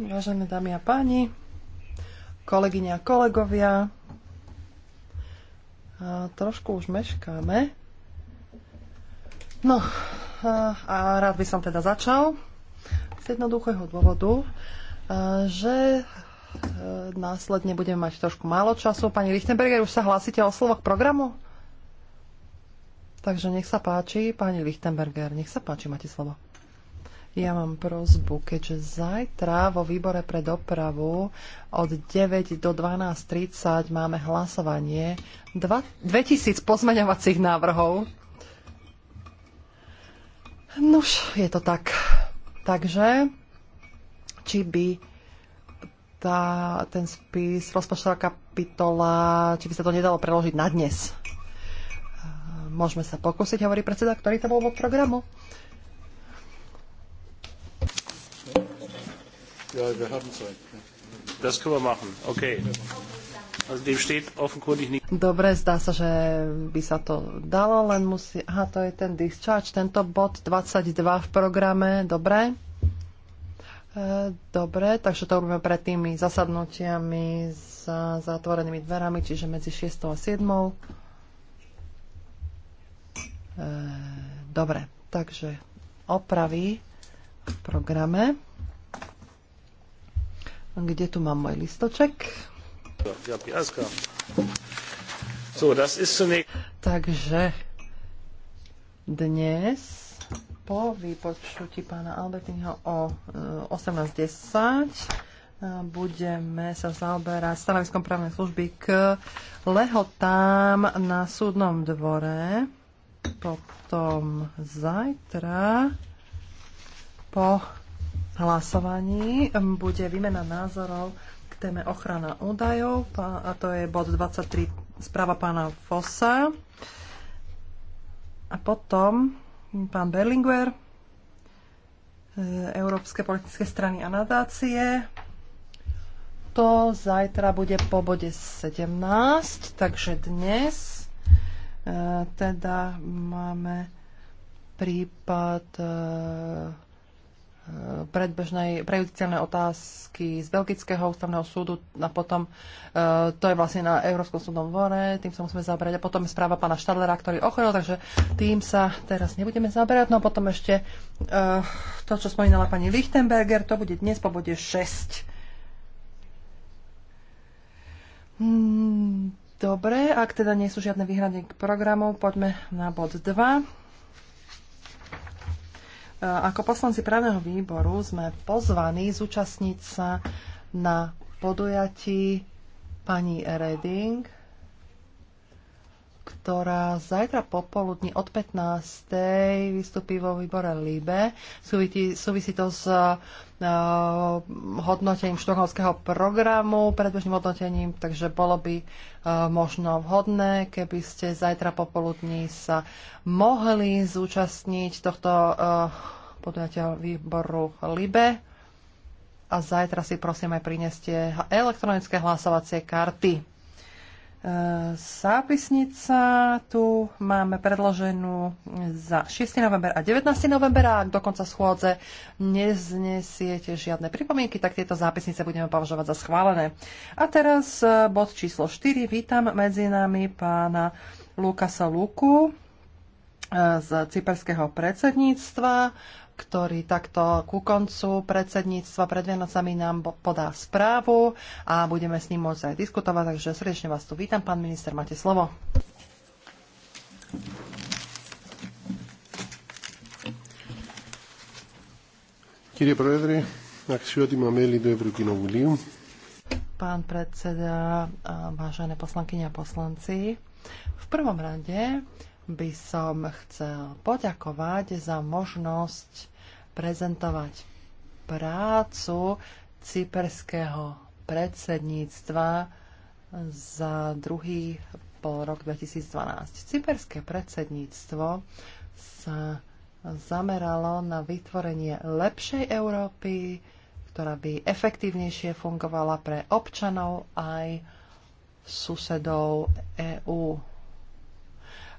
Vážené dámy a páni, kolegyne a kolegovia, a trošku už meškáme. No, a, a rád by som teda začal z jednoduchého dôvodu, že e, následne budeme mať trošku málo času. Pani Richtenberger, už sa hlásite o slovo k programu? Takže nech sa páči, pani Lichtenberger, nech sa páči, máte slovo. Ja mám prozbu, keďže zajtra vo výbore pre dopravu od 9 do 12.30 máme hlasovanie 2000 pozmeňovacích návrhov. Nuž, je to tak. Takže, či by tá, ten spis, rozpočtová kapitola, či by sa to nedalo preložiť na dnes? Môžeme sa pokúsiť, hovorí predseda, ktorý to bol vo programu. Ja, wir haben Zeit. Das können wir machen. Okay. Dobre, zdá sa, že by sa to dalo, len musí... Aha, to je ten discharge, tento bod 22 v programe, dobre. E, dobre, takže to robíme pred tými zasadnutiami za zatvorenými dverami, čiže medzi 6 a 7. E, dobre, takže opravy v programe. Kde tu mám môj listoček? Takže dnes po vypočutí pána Albertinho o 18.10 e, e, budeme sa zaoberať stanoviskom právnej služby k lehotám na súdnom dvore. Potom zajtra po hlasovaní bude výmena názorov k téme ochrana údajov a to je bod 23 správa pána Fossa. A potom pán Berlinguer, e, Európske politické strany a nadácie. To zajtra bude po bode 17, takže dnes E, teda máme prípad e, e, predbežnej prejudiciálnej otázky z Belgického ústavného súdu a potom to je vlastne na Európskom súdnom dvore, tým sa musíme zaberať a potom je správa pána Štadlera, ktorý ochorel, takže tým sa teraz nebudeme zaberať. No a potom ešte to, čo spomínala pani Lichtenberger, to bude dnes po bode 6. Dobre, ak teda nie sú žiadne výhrady k programu, poďme na bod 2. E, ako poslanci právneho výboru sme pozvaní zúčastniť sa na podujatí pani Reding, ktorá zajtra popoludní od 15. vystupí vo výbore LIBE. Súvisí, súvisí to s uh, hodnotením štokholského programu, predbežným hodnotením, takže bolo by uh, možno vhodné, keby ste zajtra popoludní sa mohli zúčastniť tohto uh, podujatia výboru LIBE. A zajtra si prosím aj prineste elektronické hlasovacie karty. Zápisnica tu máme predloženú za 6. november a 19. november a dokonca do konca schôdze neznesiete žiadne pripomienky, tak tieto zápisnice budeme považovať za schválené. A teraz e, bod číslo 4. Vítam medzi nami pána Lukasa Luku e, z cyperského predsedníctva ktorý takto ku koncu predsedníctva pred Vianocami nám podá správu a budeme s ním môcť aj diskutovať. Takže srdečne vás tu vítam, pán minister, máte slovo. Κύριε Πρόεδρε, αξιότιμα μέλη του Ευρωκοινοβουλίου. Pán predseda, vážené poslankyne a poslanci, v prvom rade by som chcel poďakovať za možnosť prezentovať prácu cyperského predsedníctva za druhý pol rok 2012. Cyperské predsedníctvo sa zameralo na vytvorenie lepšej Európy, ktorá by efektívnejšie fungovala pre občanov aj susedov EÚ.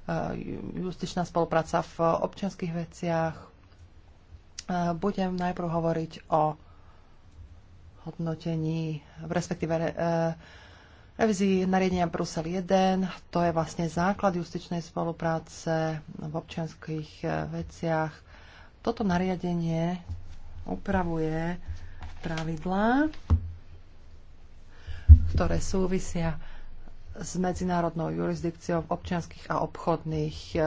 Eh, justičná spolupráca v občianských veciach. Eh, budem najprv hovoriť o hodnotení, respektíve eh, revizii nariadenia Brusel 1. To je vlastne základ justičnej spolupráce v občianských veciach. Toto nariadenie upravuje pravidlá, ktoré súvisia s medzinárodnou jurisdikciou v občianských a obchodných e,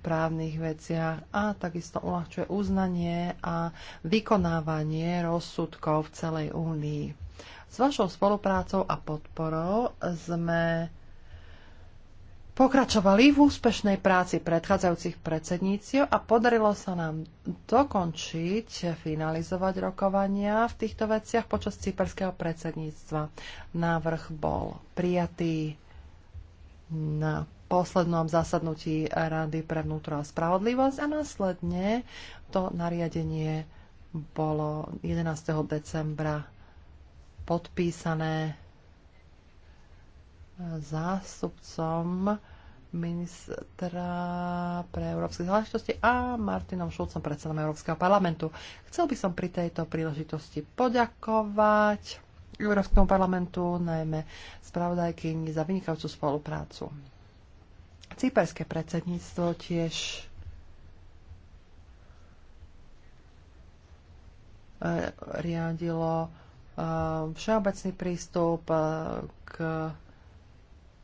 právnych veciach a takisto uľahčuje uznanie a vykonávanie rozsudkov v celej únii. S vašou spoluprácou a podporou sme pokračovali v úspešnej práci predchádzajúcich predsedníciev a podarilo sa nám dokončiť, finalizovať rokovania v týchto veciach počas cyperského predsedníctva. Návrh bol prijatý na poslednom zasadnutí Rady pre vnútro a spravodlivosť a následne to nariadenie bolo 11. decembra podpísané zástupcom ministra pre európske záležitosti a Martinom Šulcom, predsedom Európskeho parlamentu. Chcel by som pri tejto príležitosti poďakovať Európskemu parlamentu, najmä spravodajkyni za vynikajúcu spoluprácu. Cyperské predsedníctvo tiež e, riadilo e, všeobecný prístup e, k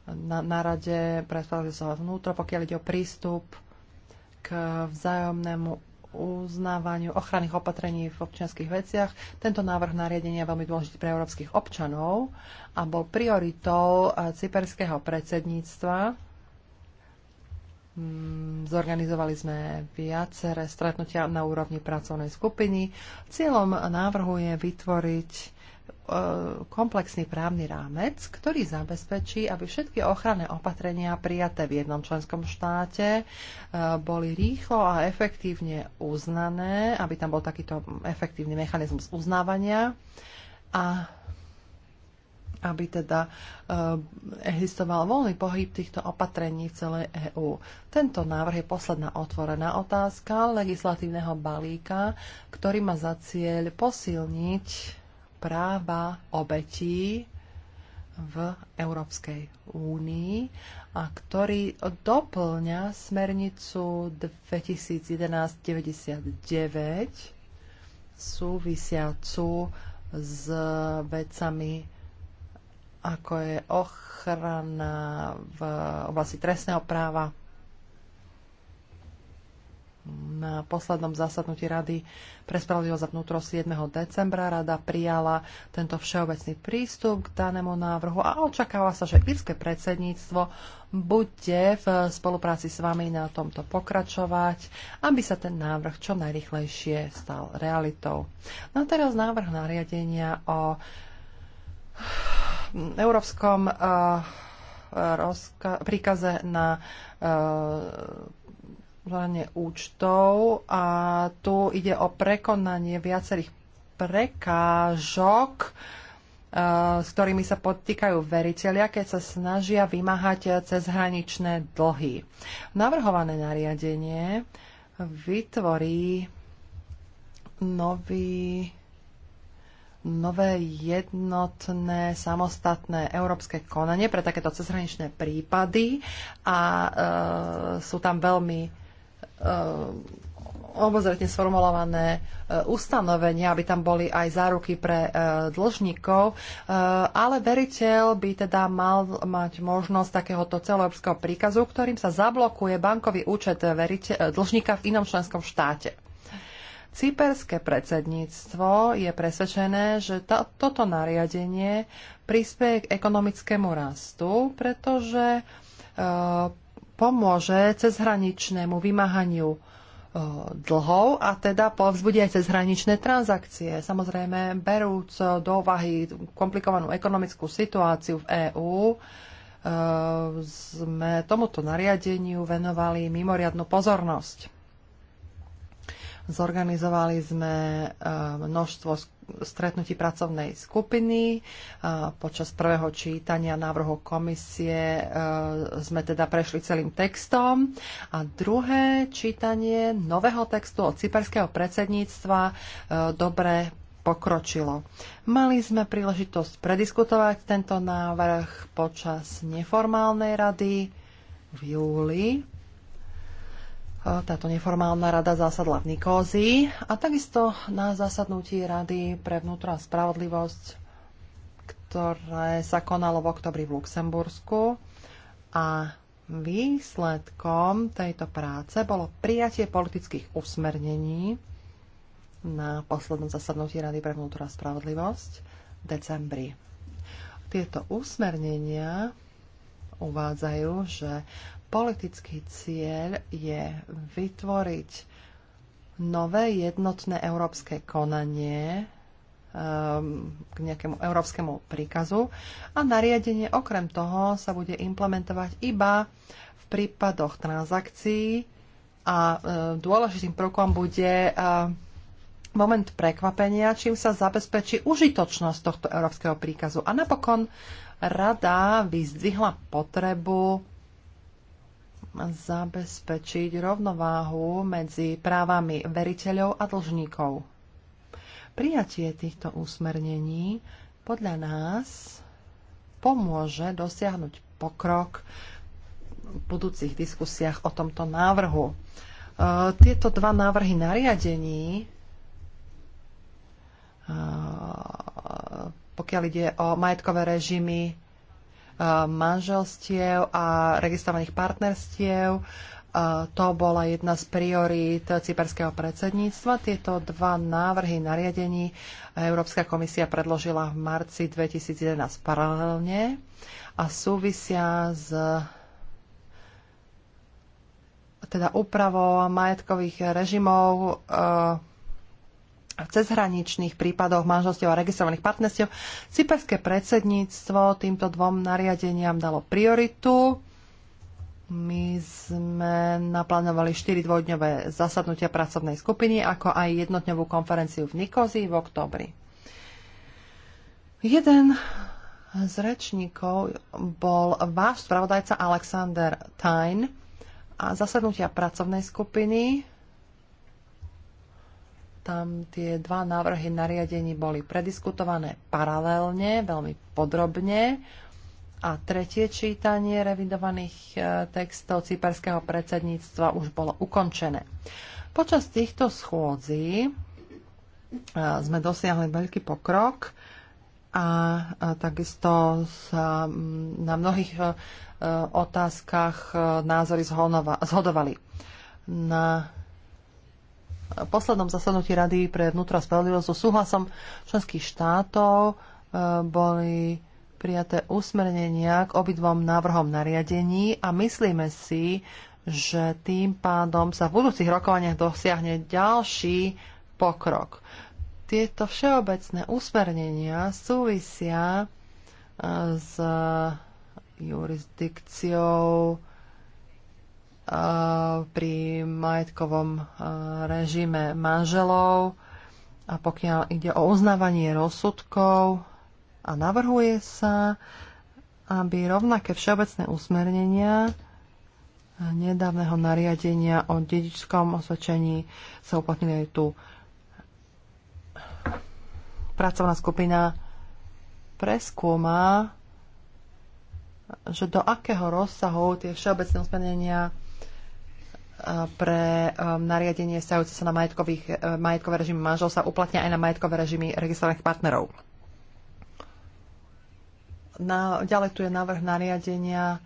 na, na rade pre spravodlivosť vnútro, pokiaľ ide o prístup k vzájomnému uznávaniu ochranných opatrení v občianských veciach. Tento návrh nariadenia je veľmi dôležitý pre európskych občanov a bol prioritou eh, cyperského predsedníctva. Mm, zorganizovali sme viaceré stretnutia na úrovni pracovnej skupiny. Cieľom návrhu je vytvoriť E, komplexný právny rámec, ktorý zabezpečí, aby všetky ochranné opatrenia prijaté v jednom členskom štáte e, boli rýchlo a efektívne uznané, aby tam bol takýto efektívny mechanizmus uznávania a aby teda e, existoval voľný pohyb týchto opatrení v celej EÚ. Tento návrh je posledná otvorená otázka legislatívneho balíka, ktorý má za cieľ posilniť práva obetí v Európskej únii a ktorý doplňa smernicu 2011-99 súvisiacu s vecami ako je ochrana v oblasti trestného práva na poslednom zasadnutí Rady pre spravodlivosť a vnútro 7. decembra Rada prijala tento všeobecný prístup k danému návrhu a očakáva sa, že írske predsedníctvo bude v spolupráci s vami na tomto pokračovať, aby sa ten návrh čo najrychlejšie stal realitou. No a teraz návrh nariadenia o európskom uh, rozka- príkaze na uh, hlavne účtov a tu ide o prekonanie viacerých prekážok, e, s ktorými sa podtýkajú veriteľia, keď sa snažia vymáhať cezhraničné dlhy. Navrhované nariadenie vytvorí nový, nové jednotné samostatné európske konanie pre takéto cezhraničné prípady a e, sú tam veľmi Eh, obozretne sformulované eh, ustanovenia, aby tam boli aj záruky pre eh, dlžníkov, ale veriteľ by teda mal mať možnosť takéhoto celoeurópskeho príkazu, ktorým sa zablokuje bankový účet veriteľ, dlžníka v inom členskom štáte. Cyperské predsedníctvo je presvedčené, že to, toto nariadenie prispieje k ekonomickému rastu, pretože e, pomôže cezhraničnému vymáhaniu e, dlhov a teda povzbudí aj cezhraničné transakcie. Samozrejme, berúc do úvahy komplikovanú ekonomickú situáciu v EÚ, e, sme tomuto nariadeniu venovali mimoriadnu pozornosť. Zorganizovali sme e, množstvo stretnutí pracovnej skupiny. Počas prvého čítania návrhu komisie e, sme teda prešli celým textom a druhé čítanie nového textu od cyperského predsedníctva e, dobre pokročilo. Mali sme príležitosť prediskutovať tento návrh počas neformálnej rady v júli táto neformálna rada zásadla v Nikózii a takisto na zasadnutí Rady pre vnútro a spravodlivosť, ktoré sa konalo v oktobri v Luxembursku. A výsledkom tejto práce bolo prijatie politických usmernení na poslednom zasadnutí Rady pre vnútro a spravodlivosť v decembri. Tieto usmernenia uvádzajú, že Politický cieľ je vytvoriť nové jednotné európske konanie ehm, k nejakému európskemu príkazu a nariadenie okrem toho sa bude implementovať iba v prípadoch transakcií a ehm, dôležitým prvkom bude ehm, moment prekvapenia, čím sa zabezpečí užitočnosť tohto európskeho príkazu. A napokon rada vyzdvihla potrebu zabezpečiť rovnováhu medzi právami veriteľov a dlžníkov. Prijatie týchto úsmernení podľa nás pomôže dosiahnuť pokrok v budúcich diskusiách o tomto návrhu. E, tieto dva návrhy nariadení, e, pokiaľ ide o majetkové režimy Eh, manželstiev a registrovaných partnerstiev. Eh, to bola jedna z priorít cyperského predsedníctva. Tieto dva návrhy nariadení Európska komisia predložila v marci 2011 paralelne a súvisia s teda úpravou majetkových režimov eh, v cezhraničných prípadoch manželstiev a registrovaných partnerstiev. Cyperské predsedníctvo týmto dvom nariadeniam dalo prioritu. My sme naplánovali 4 dvojdňové zasadnutia pracovnej skupiny, ako aj jednotňovú konferenciu v Nikozii v oktobri. Jeden z rečníkov bol váš spravodajca Alexander Tyne a zasadnutia pracovnej skupiny tam tie dva návrhy nariadení boli prediskutované paralelne, veľmi podrobne. A tretie čítanie revidovaných e, textov cyperského predsedníctva už bolo ukončené. Počas týchto schôdzí e, sme dosiahli veľký pokrok a takisto sa na mnohých e, otázkach názory zhodovali. Na poslednom zasadnutí Rady pre vnútra spravodlivosť so súhlasom členských štátov e, boli prijaté usmernenia k obidvom návrhom nariadení a myslíme si, že tým pádom sa v budúcich rokovaniach dosiahne ďalší pokrok. Tieto všeobecné usmernenia súvisia e, s jurisdikciou pri majetkovom režime manželov a pokiaľ ide o uznávanie rozsudkov a navrhuje sa, aby rovnaké všeobecné usmernenia nedávneho nariadenia o dedičskom osvedčení sa uplatnili aj tu. Pracovná skupina preskúma, že do akého rozsahu tie všeobecné usmernenia pre um, nariadenie stajúce sa na eh, majetkové režimy manžel sa uplatňa aj na majetkové režimy registrovaných partnerov. Na, ďalej tu je návrh nariadenia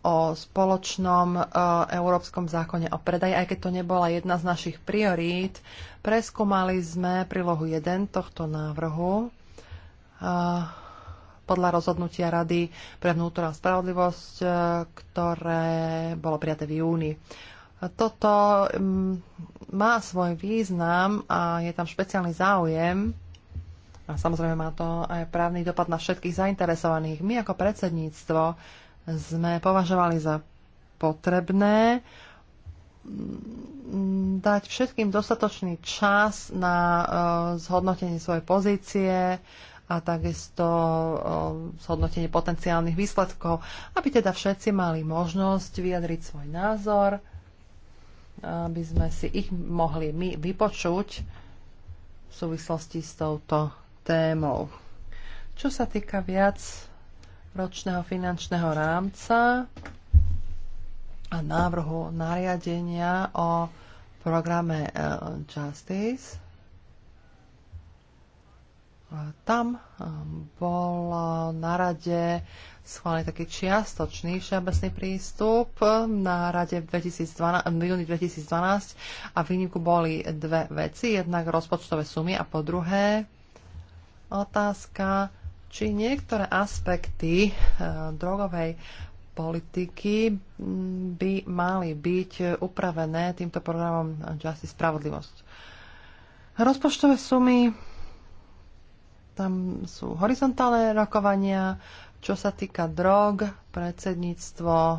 o spoločnom e, európskom zákone o predaji, aj keď to nebola jedna z našich priorít. Preskúmali sme prílohu 1 tohto návrhu. E, podľa rozhodnutia Rady pre vnútor a spravodlivosť, e, ktoré bolo prijaté v júni. Toto mm, má svoj význam a je tam špeciálny záujem a samozrejme má to aj právny dopad na všetkých zainteresovaných. My ako predsedníctvo sme považovali za potrebné mm, dať všetkým dostatočný čas na e, zhodnotenie svojej pozície a takisto zhodnotenie potenciálnych výsledkov, aby teda všetci mali možnosť vyjadriť svoj názor, aby sme si ich mohli my vypočuť v súvislosti s touto témou. Čo sa týka viac ročného finančného rámca a návrhu nariadenia o programe e, Justice, tam eh, bol na rade schválený taký čiastočný všeobecný prístup na rade v, 2012, v júni 2012 a výnimku boli dve veci, jednak rozpočtové sumy a po druhé otázka, či niektoré aspekty eh, drogovej politiky mm, by mali byť upravené týmto programom Justice Spravodlivosť. Rozpočtové sumy tam sú horizontálne rokovania. Čo sa týka drog, predsedníctvo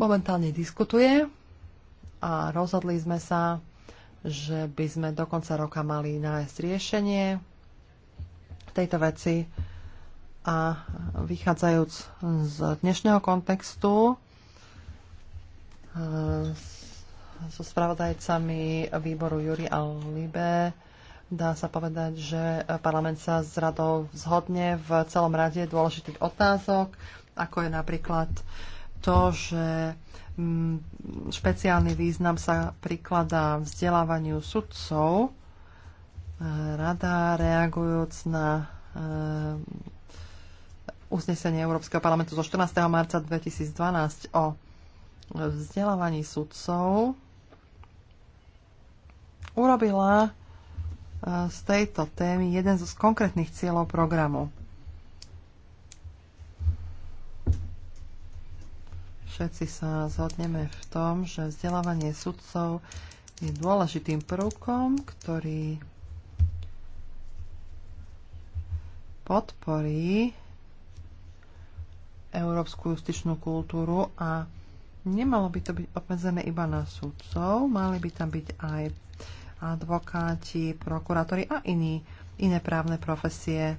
momentálne diskutuje a rozhodli sme sa, že by sme do konca roka mali nájsť riešenie v tejto veci a vychádzajúc z dnešného kontextu, z e, so spravodajcami výboru Juri a Libe. Dá sa povedať, že parlament sa s radou zhodne v celom rade dôležitých otázok, ako je napríklad to, že mm, špeciálny význam sa prikladá vzdelávaniu sudcov. Rada reagujúc na eh, uznesenie Európskeho parlamentu zo 14. marca 2012 o vzdelávaní sudcov urobila e, z tejto témy jeden z konkrétnych cieľov programu. Všetci sa zhodneme v tom, že vzdelávanie sudcov je dôležitým prvkom, ktorý podporí európsku justičnú kultúru a nemalo by to byť obmedzené iba na sudcov, mali by tam byť aj advokáti, prokurátori a iní, iné právne profesie,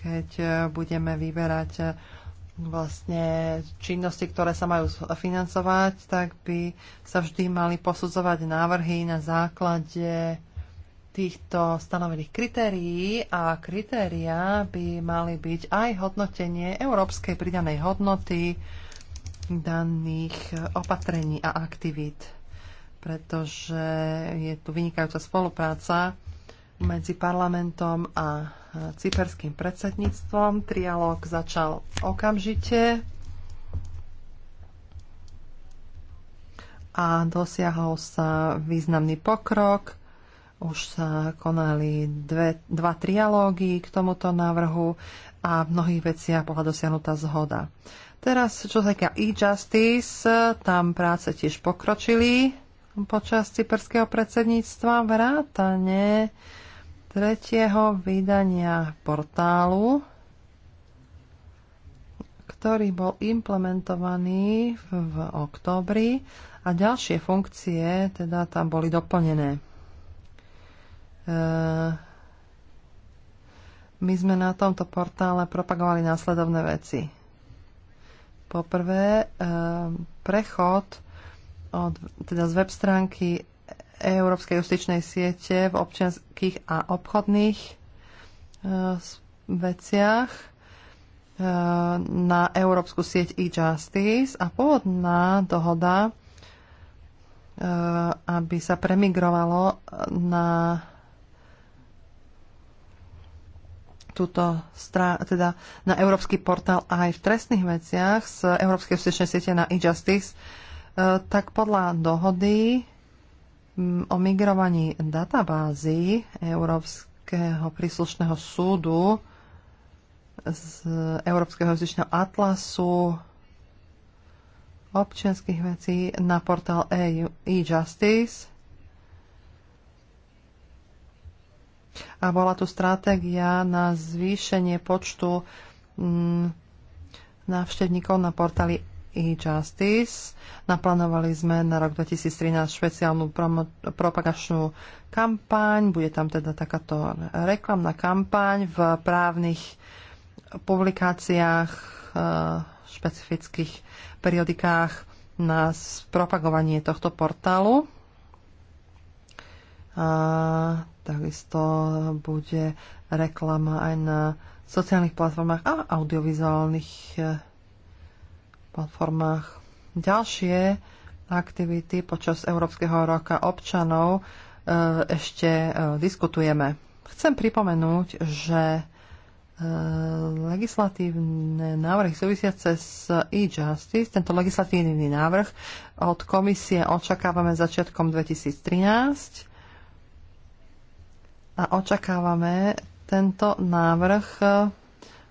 keď e, budeme vyberať e, vlastne činnosti, ktoré sa majú financovať, tak by sa vždy mali posudzovať návrhy na základe týchto stanovených kritérií a kritéria by mali byť aj hodnotenie európskej pridanej hodnoty daných opatrení a aktivít pretože je tu vynikajúca spolupráca medzi parlamentom a cyperským predsedníctvom. Trialóg začal okamžite a dosiahol sa významný pokrok. Už sa konali dve, dva trialógy k tomuto návrhu a v mnohých veciach bola dosiahnutá zhoda. Teraz, čo sa týka e-justice, tam práce tiež pokročili počas cyperského predsedníctva vrátane tretieho vydania portálu, ktorý bol implementovaný v októbri a ďalšie funkcie teda tam boli doplnené. E, my sme na tomto portále propagovali následovné veci. Poprvé, e, prechod od, teda z web stránky Európskej justičnej siete v občianských a obchodných e, veciach e, na Európsku sieť e-justice a pôvodná dohoda, e, aby sa premigrovalo na túto strá- teda na Európsky portál aj v trestných veciach z Európskej justičnej siete na e-justice E, tak podľa dohody o migrovaní databázy Európskeho príslušného súdu z Európskeho justičného atlasu občianských vecí na portál e-justice. A bola tu stratégia na zvýšenie počtu návštevníkov na portáli i e justice Naplánovali sme na rok 2013 špeciálnu promo- propagačnú kampaň. Bude tam teda takáto reklamná kampaň v právnych publikáciách, e, špecifických periodikách na propagovanie tohto portálu. A takisto bude reklama aj na sociálnych platformách a audiovizuálnych e, platformách. Ďalšie aktivity počas Európskeho roka občanov e, ešte e, diskutujeme. Chcem pripomenúť, že e, legislatívne návrhy súvisiace s e-justice, tento legislatívny návrh od komisie očakávame začiatkom 2013 a očakávame tento návrh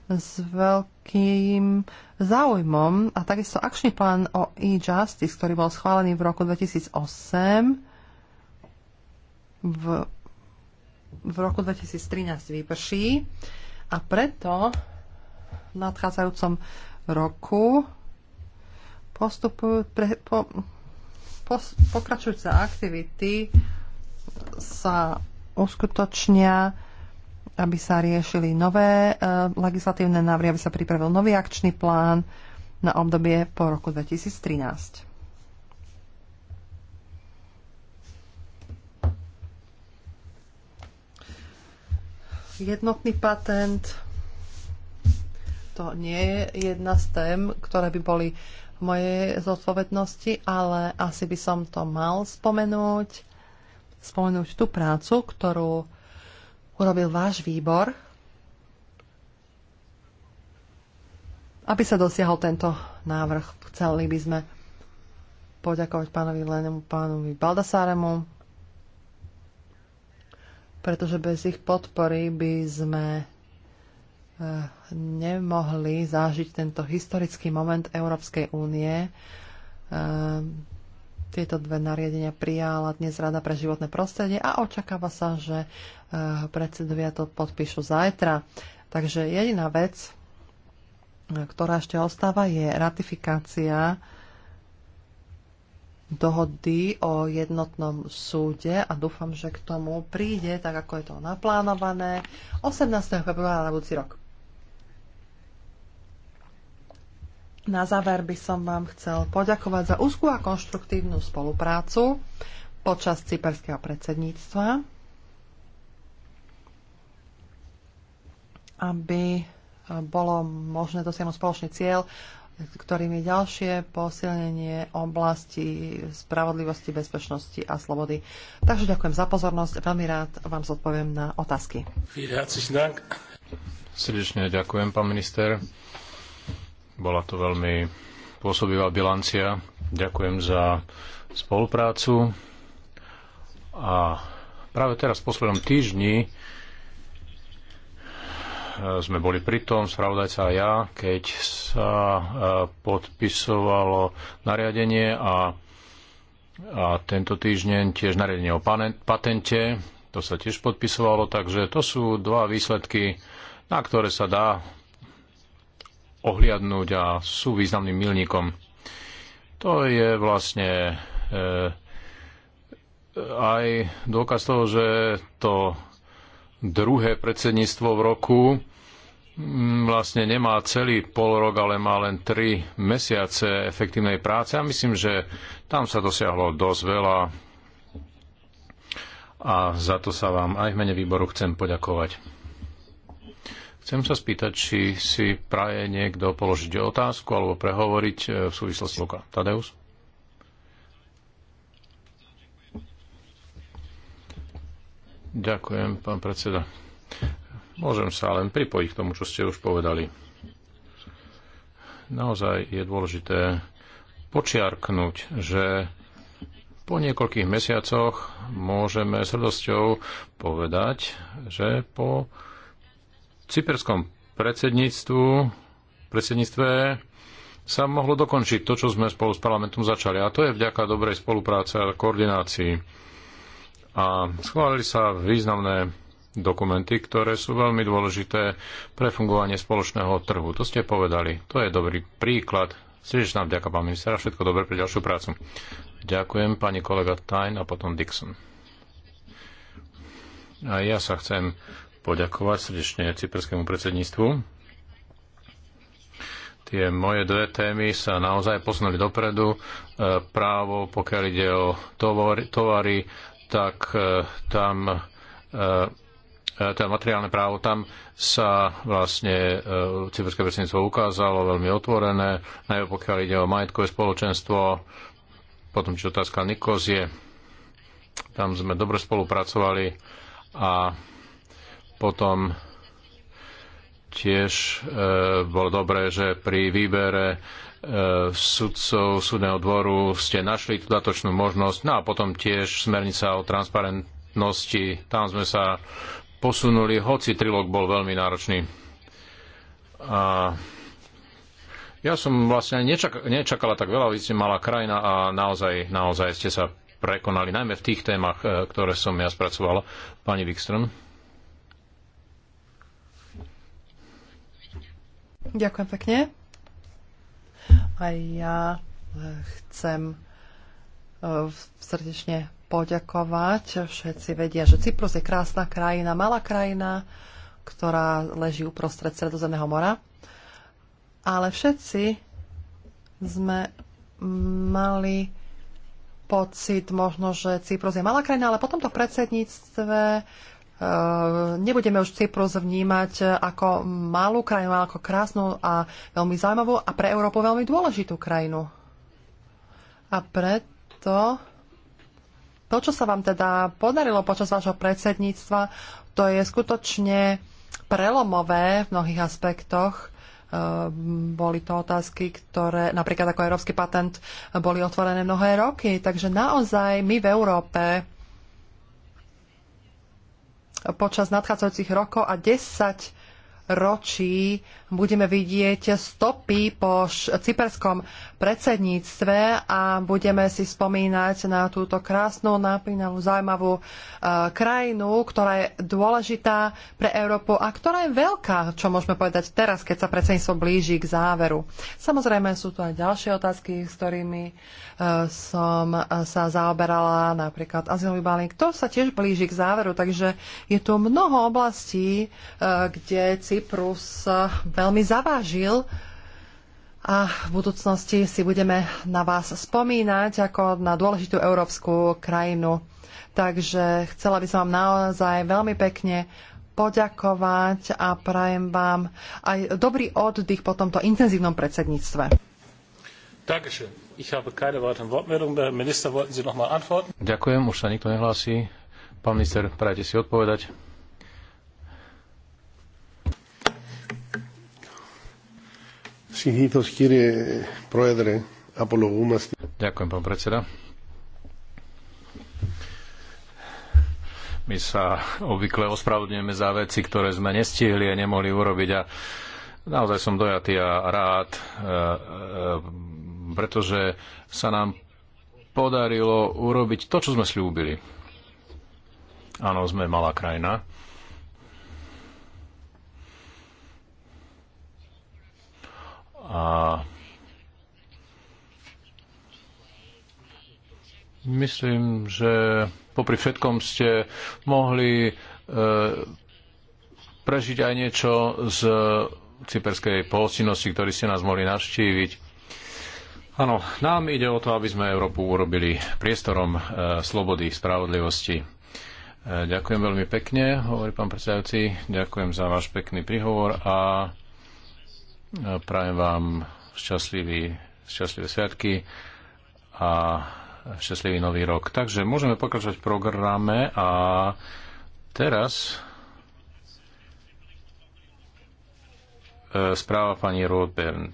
s veľkým záujmom a takisto akčný plán o e-justice, ktorý bol schválený v roku 2008, v, v roku 2013 vyprší a preto v nadchádzajúcom roku postupujú, pre, po, pos, pokračujúce aktivity sa uskutočnia aby sa riešili nové e, legislatívne návrhy, aby sa pripravil nový akčný plán na obdobie po roku 2013. Jednotný patent to nie je jedna z tém, ktoré by boli v mojej zodpovednosti, ale asi by som to mal spomenúť. Spomenúť tú prácu, ktorú urobil váš výbor, aby sa dosiahol tento návrh. Chceli by sme poďakovať pánovi Lenemu, pánovi Baldasáremu, pretože bez ich podpory by sme eh, nemohli zážiť tento historický moment Európskej únie, eh, tieto dve nariadenia prijala dnes Rada pre životné prostredie a očakáva sa, že eh, predsedovia to podpíšu zajtra. Takže jediná vec, eh, ktorá ešte ostáva, je ratifikácia dohody o jednotnom súde a dúfam, že k tomu príde, tak ako je to naplánované, 18. februára na budúci rok. Na záver by som vám chcel poďakovať za úzkú a konštruktívnu spoluprácu počas cyperského predsedníctva, aby bolo možné dosiahnuť spoločný cieľ, ktorým je ďalšie posilnenie oblasti spravodlivosti, bezpečnosti a slobody. Takže ďakujem za pozornosť. Veľmi rád vám zodpoviem na otázky. Srdečne ďakujem, pán minister. Bola to veľmi pôsobivá bilancia. Ďakujem za spoluprácu. A práve teraz v poslednom týždni e, sme boli pri tom, spravodajca a ja, keď sa e, podpisovalo nariadenie a, a tento týždeň tiež nariadenie o patente, to sa tiež podpisovalo, takže to sú dva výsledky, na ktoré sa dá ohliadnúť a sú významným milníkom. To je vlastne e, aj dôkaz toho, že to druhé predsedníctvo v roku mm, vlastne nemá celý pol rok, ale má len tri mesiace efektívnej práce a myslím, že tam sa dosiahlo dosť veľa a za to sa vám aj v mene výboru chcem poďakovať. Chcem sa spýtať, či si praje niekto položiť otázku alebo prehovoriť e, v súvislosti Luka. Tadeus? Ďakujem, pán predseda. Môžem sa len pripojiť k tomu, čo ste už povedali. Naozaj je dôležité počiarknúť, že po niekoľkých mesiacoch môžeme s hrdosťou povedať, že po cyperskom predsedníctvu, predsedníctve sa mohlo dokončiť to, čo sme spolu s parlamentom začali. A to je vďaka dobrej spolupráce a koordinácii. A schválili sa významné dokumenty, ktoré sú veľmi dôležité pre fungovanie spoločného trhu. To ste povedali. To je dobrý príklad. Srdečná vďaka, pán minister, a všetko dobré pre ďalšiu prácu. Ďakujem, pani kolega Tajn a potom Dixon. A ja sa chcem poďakovať srdečne cyperskému predsedníctvu. Tie moje dve témy sa naozaj posunuli dopredu. E, právo, pokiaľ ide o tovary, tovary tak e, tam teda materiálne právo, tam sa vlastne cyperské predsedníctvo ukázalo veľmi otvorené, najmä pokiaľ ide o majetkové spoločenstvo, potom či otázka Nikozie, tam sme dobre spolupracovali a potom tiež e, bolo dobré, že pri výbere e, sudcov súdneho dvoru ste našli tú datočnú možnosť. No a potom tiež smernica o transparentnosti. Tam sme sa posunuli, hoci trilog bol veľmi náročný. A ja som vlastne nečakala, nečakala tak veľa, vy ste malá krajina a naozaj, naozaj ste sa prekonali, najmä v tých témach, e, ktoré som ja spracovala. Pani Wikström. Ďakujem pekne. A ja eh, chcem eh, srdečne poďakovať. Všetci vedia, že Cyprus je krásna krajina, malá krajina, ktorá leží uprostred Sredozemného mora. Ale všetci sme mali pocit možno, že Cyprus je malá krajina, ale potom to predsedníctve Eh, nebudeme už Cyprus vnímať eh, ako malú krajinu, ale ako krásnu a veľmi zaujímavú a pre Európu veľmi dôležitú krajinu. A preto to, čo sa vám teda podarilo počas vášho predsedníctva, to je skutočne prelomové v mnohých aspektoch eh, boli to otázky, ktoré napríklad ako európsky patent boli otvorené mnohé roky. Takže naozaj my v Európe počas nadchádzajúcich rokov a 10 ročí budeme vidieť stopy po cyperskom predsedníctve a budeme si spomínať na túto krásnu, napínavú, zaujímavú e, krajinu, ktorá je dôležitá pre Európu a ktorá je veľká, čo môžeme povedať teraz, keď sa predsedníctvo blíži k záveru. Samozrejme sú tu aj ďalšie otázky, s ktorými e, som e, sa zaoberala, napríklad azylový balík. To sa tiež blíži k záveru, takže je tu mnoho oblastí, e, kde Cyprus e, veľmi zavážil a v budúcnosti si budeme na vás spomínať ako na dôležitú európsku krajinu. Takže chcela by som vám naozaj veľmi pekne poďakovať a prajem vám aj dobrý oddych po tomto intenzívnom predsedníctve. Ďakujem, už sa nikto nehlási. Pán minister, prajte si odpovedať. Ďakujem, pán predseda. My sa obvykle ospravedlňujeme za veci, ktoré sme nestihli a nemohli urobiť a naozaj som dojatý a rád, e, e, pretože sa nám podarilo urobiť to, čo sme slúbili. Áno, sme malá krajina A myslím, že popri všetkom ste mohli e, prežiť aj niečo z cyperskej pohostinnosti, ktorý ste nás mohli navštíviť. Áno, nám ide o to, aby sme Európu urobili priestorom e, slobody, spravodlivosti. E, ďakujem veľmi pekne, hovorí pán predsedajúci. Ďakujem za váš pekný príhovor a Prajem vám šťastlivý, šťastlivé sviatky a šťastlivý nový rok. Takže môžeme pokračovať v programe a teraz e, správa pani Rothbern.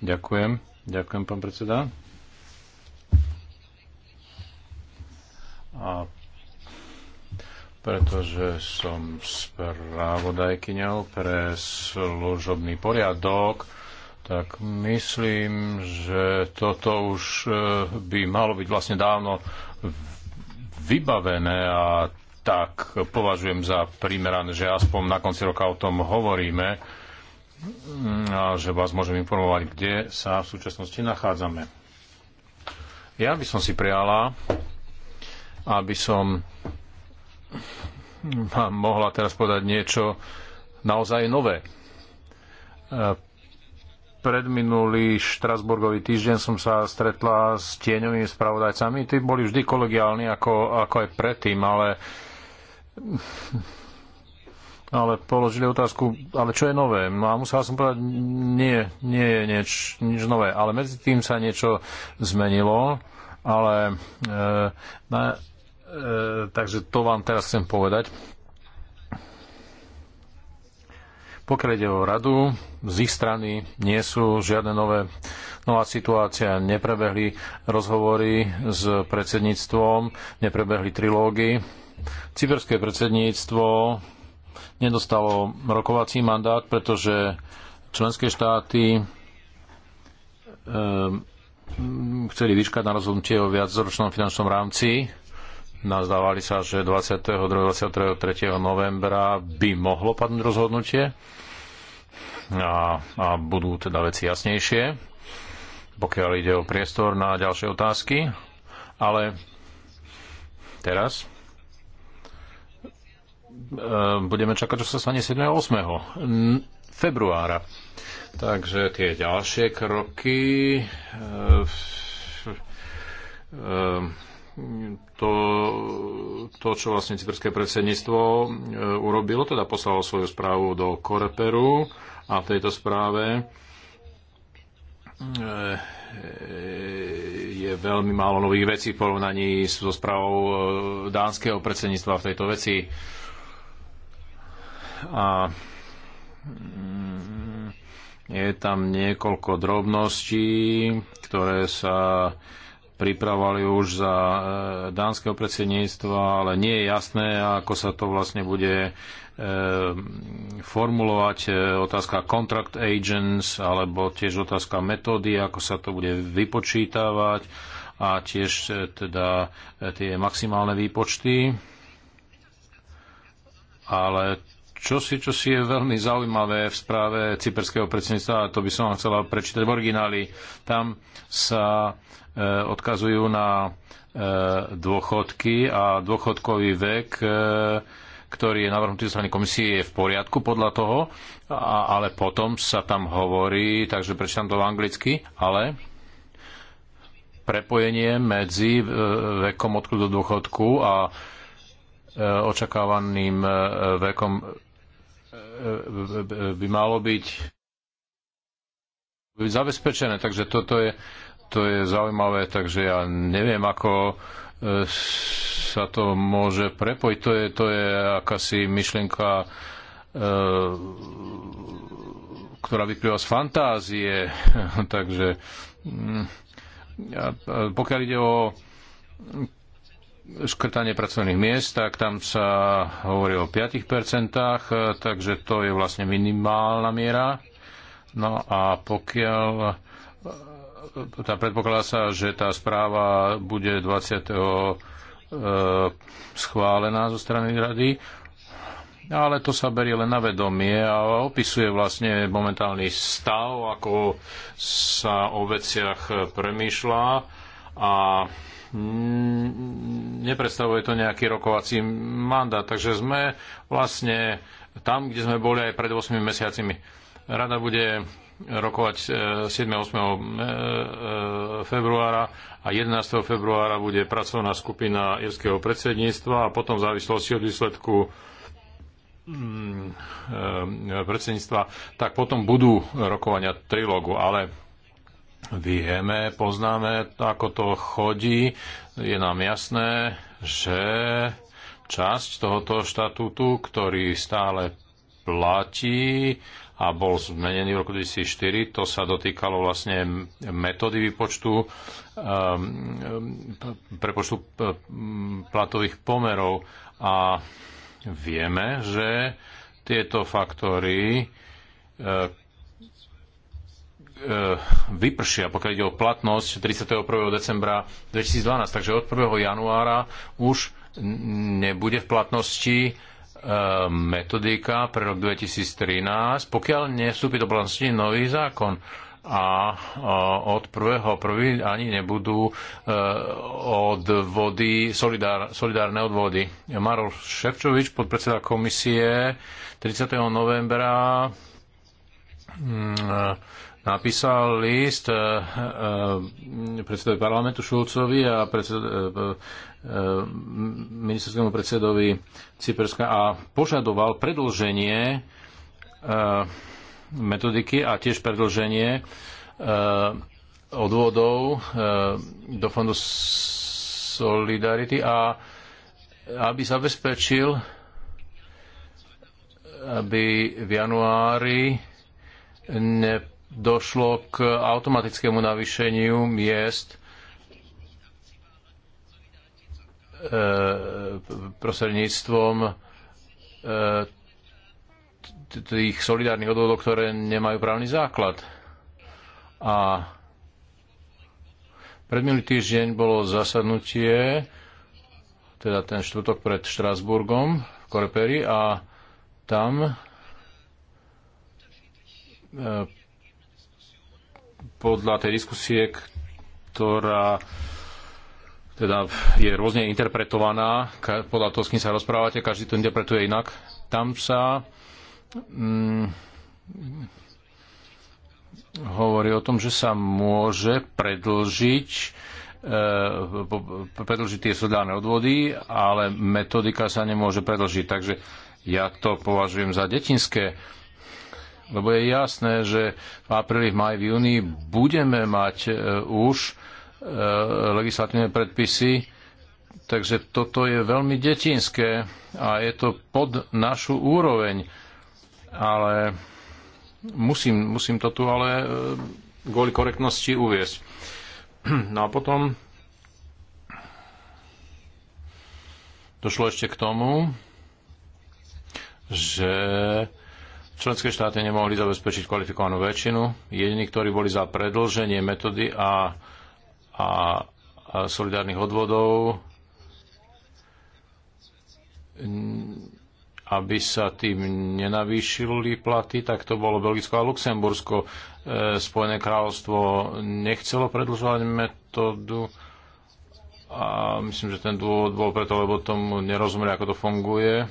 Ďakujem. Ďakujem, pán predseda. A pretože som správodajkyňou pre služobný poriadok, tak myslím, že toto už e, by malo byť vlastne dávno vybavené a tak považujem za primerané, že aspoň na konci roka o tom hovoríme a že vás môžem informovať, kde sa v súčasnosti nachádzame. Ja by som si prijala, aby som vám mohla teraz povedať niečo naozaj nové. E, predminulý štrasburgový týždeň som sa stretla s tieňovými spravodajcami. Tí boli vždy kolegiálni, ako, ako aj predtým, ale ale položili otázku, ale čo je nové? No a musela som povedať, nie, nie je nieč, nič nové. Ale medzi tým sa niečo zmenilo, ale e, na, E, takže to vám teraz chcem povedať. Pokiaľ ide o radu, z ich strany nie sú žiadne nové, nová situácia, neprebehli rozhovory s predsedníctvom, neprebehli trilógy. Cyperské predsedníctvo nedostalo rokovací mandát, pretože členské štáty e, chceli vyškať na rozhodnutie o viacročnom finančnom rámci Nazdávali sa, že 22. 23. novembra by mohlo padnúť rozhodnutie a, a budú teda veci jasnejšie, pokiaľ ide o priestor na ďalšie otázky. Ale teraz e, budeme čakať, čo sa stane 7. 8. februára. Takže tie ďalšie kroky e, e, to, to, čo vlastne cyperské predsedníctvo e, urobilo, teda poslalo svoju správu do Koreperu a v tejto správe e, je veľmi málo nových vecí v porovnaní so správou e, dánskeho predsedníctva v tejto veci. A mm, je tam niekoľko drobností, ktoré sa pripravovali už za e, dánskeho predsedníctva, ale nie je jasné, ako sa to vlastne bude e, formulovať. E, otázka contract agents, alebo tiež otázka metódy, ako sa to bude vypočítavať a tiež teda tie maximálne výpočty. Ale čo si, čo si je veľmi zaujímavé v správe cyperského predsedníctva, a to by som vám chcela prečítať v origináli, tam sa e, odkazujú na e, dôchodky a dôchodkový vek, e, ktorý je navrhnutý strany komisie, je v poriadku podľa toho, a, ale potom sa tam hovorí, takže prečítam to v anglicky, ale prepojenie medzi e, vekom odkladu do dôchodku a e, očakávaným e, vekom by malo byť zabezpečené. Takže toto je, to je zaujímavé, takže ja neviem, ako e, sa to môže prepojiť. To je, to je akási myšlienka, e, ktorá vyplýva z fantázie. takže mm, e, pokiaľ ide o škrtanie pracovných miest, tak tam sa hovorí o 5%, e, takže to je vlastne minimálna miera. No a pokiaľ e, tá predpokladá sa, že tá správa bude 20. E, schválená zo strany rady, ale to sa berie len na vedomie a opisuje vlastne momentálny stav, ako sa o veciach premýšľa a nepredstavuje to nejaký rokovací mandát. Takže sme vlastne tam, kde sme boli aj pred 8 mesiacimi. Rada bude rokovať 7. E, 8. E, e, februára a 11. februára bude pracovná skupina irského predsedníctva a potom v závislosti od výsledku mm, predsedníctva, tak potom budú rokovania trilógu, ale Vieme, poznáme, ako to chodí. Je nám jasné, že časť tohoto štatútu, ktorý stále platí a bol zmenený v roku 2004. To sa dotýkalo vlastne metódy výpočtu um, um, prepočtu uh, platových pomerov a vieme, že tieto faktory uh, E, vypršia, pokiaľ ide o platnosť 31. decembra 2012. Takže od 1. januára už nebude v platnosti e, metodika pre rok 2013, pokiaľ nevstúpi do platnosti nový zákon. A e, od 1.1. ani nebudú odvody, solidár, solidárne odvody. Marol Ševčovič, podpredseda komisie, 30. novembra mm, napísal list eh, eh, predsedovi parlamentu Šulcovi a eh, ministerskému predsedovi Cyperska a požadoval predlženie metodiky a tiež predlženie odvodov do fondu Solidarity a aby zabezpečil, aby v januári ne došlo k automatickému navýšeniu miest e, prostredníctvom e, tých solidárnych odvodov, ktoré nemajú právny základ. A pred minulý týždeň bolo zasadnutie, teda ten štvrtok pred Štrásburgom v Koreperi a tam e, podľa tej diskusie, ktorá teda je rôzne interpretovaná, podľa toho, s kým sa rozprávate, každý to interpretuje inak. Tam sa mm, hovorí o tom, že sa môže predlžiť e, predlžiť tie sociálne odvody, ale metodika sa nemôže predlžiť. Takže ja to považujem za detinské lebo je jasné, že v apríli, v maji, v júni budeme mať e, už e, legislatívne predpisy, takže toto je veľmi detinské a je to pod našu úroveň. Ale musím, musím to tu ale e, kvôli korektnosti uviesť. No a potom došlo ešte k tomu, že Členské štáty nemohli zabezpečiť kvalifikovanú väčšinu. Jediní, ktorí boli za predlženie metódy a, a, a solidárnych odvodov, aby sa tým nenavýšili platy, tak to bolo Belgicko a Luxembursko. E, Spojené kráľovstvo nechcelo predlžovať metódu a myslím, že ten dôvod bol preto, lebo tomu nerozumeli, ako to funguje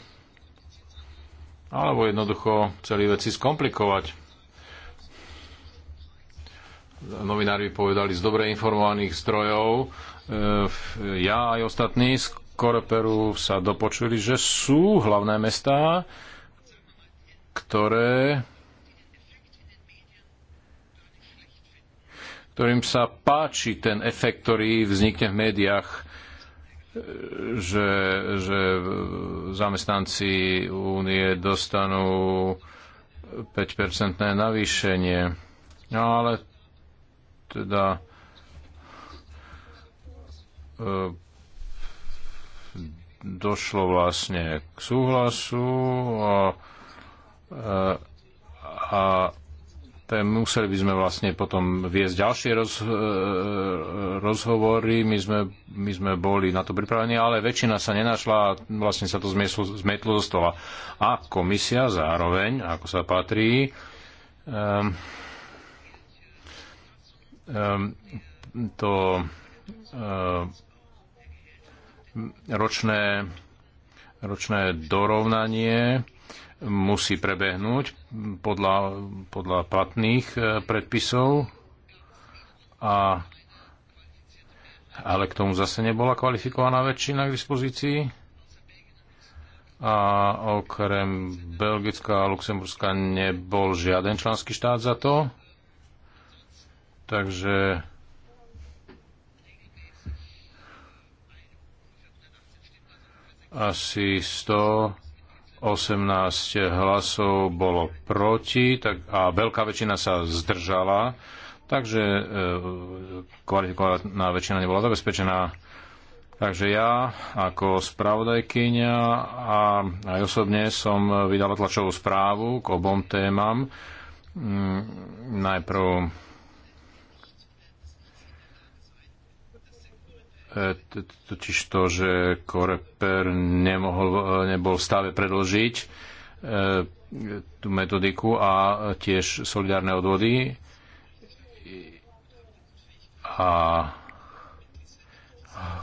alebo jednoducho celý veci skomplikovať. Novinári povedali z dobre informovaných strojov, e, ja aj ostatní z Koreperu sa dopočuli, že sú hlavné mestá, ktoré ktorým sa páči ten efekt, ktorý vznikne v médiách že, že zamestnanci únie dostanú 5-percentné navýšenie. No ale teda e, došlo vlastne k súhlasu a, e, a, a museli by sme vlastne potom viesť ďalšie roz, e, rozhovory. My sme, my sme boli na to pripravení, ale väčšina sa nenašla a vlastne sa to zmieslo, zmetlo zo stola. A komisia zároveň, ako sa patrí, um, um, to um, ročné, ročné dorovnanie musí prebehnúť podľa, podľa platných e, predpisov, a, ale k tomu zase nebola kvalifikovaná väčšina k dispozícii. A okrem Belgická a Luxemburska nebol žiaden členský štát za to. Takže asi 100 18 hlasov bolo proti tak, a veľká väčšina sa zdržala, takže e, kvalifikovaná väčšina nebola zabezpečená. Takže ja ako spravodajkyňa a aj osobne som vydala tlačovú správu k obom témam. Mm, najprv E, totiž to, že Koreper nemohol, e, nebol v stave predložiť e, tú metodiku a tiež solidárne odvody a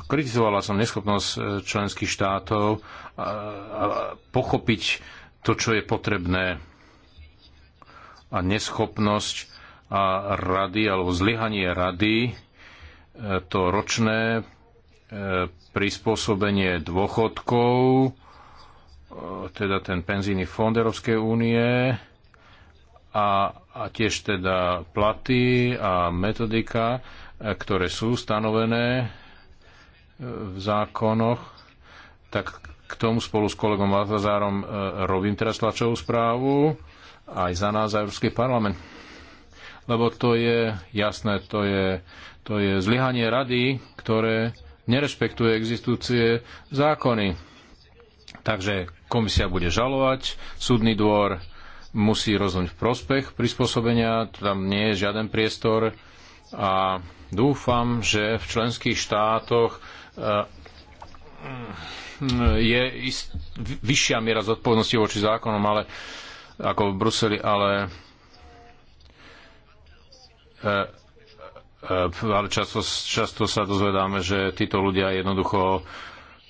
kritizovala som neschopnosť členských štátov pochopiť to, čo je potrebné a neschopnosť a rady alebo zlyhanie rady to ročné prispôsobenie dôchodkov, e, teda ten penzíny fond Európskej únie a, a tiež teda platy a metodika, e, ktoré sú stanovené e, v zákonoch, tak k tomu spolu s kolegom Valtazárom robím teraz tlačovú správu aj za nás, za Európsky parlament. Lebo to je jasné, to je, to je zlyhanie rady, ktoré nerešpektuje existujúce zákony. Takže komisia bude žalovať, súdny dvor musí rozhodnúť v prospech prispôsobenia, tam nie je žiaden priestor a dúfam, že v členských štátoch eh, je ist, vyššia miera zodpovednosti voči zákonom, ale ako v Bruseli, ale eh, E, ale často, často sa dozvedáme, že títo ľudia jednoducho,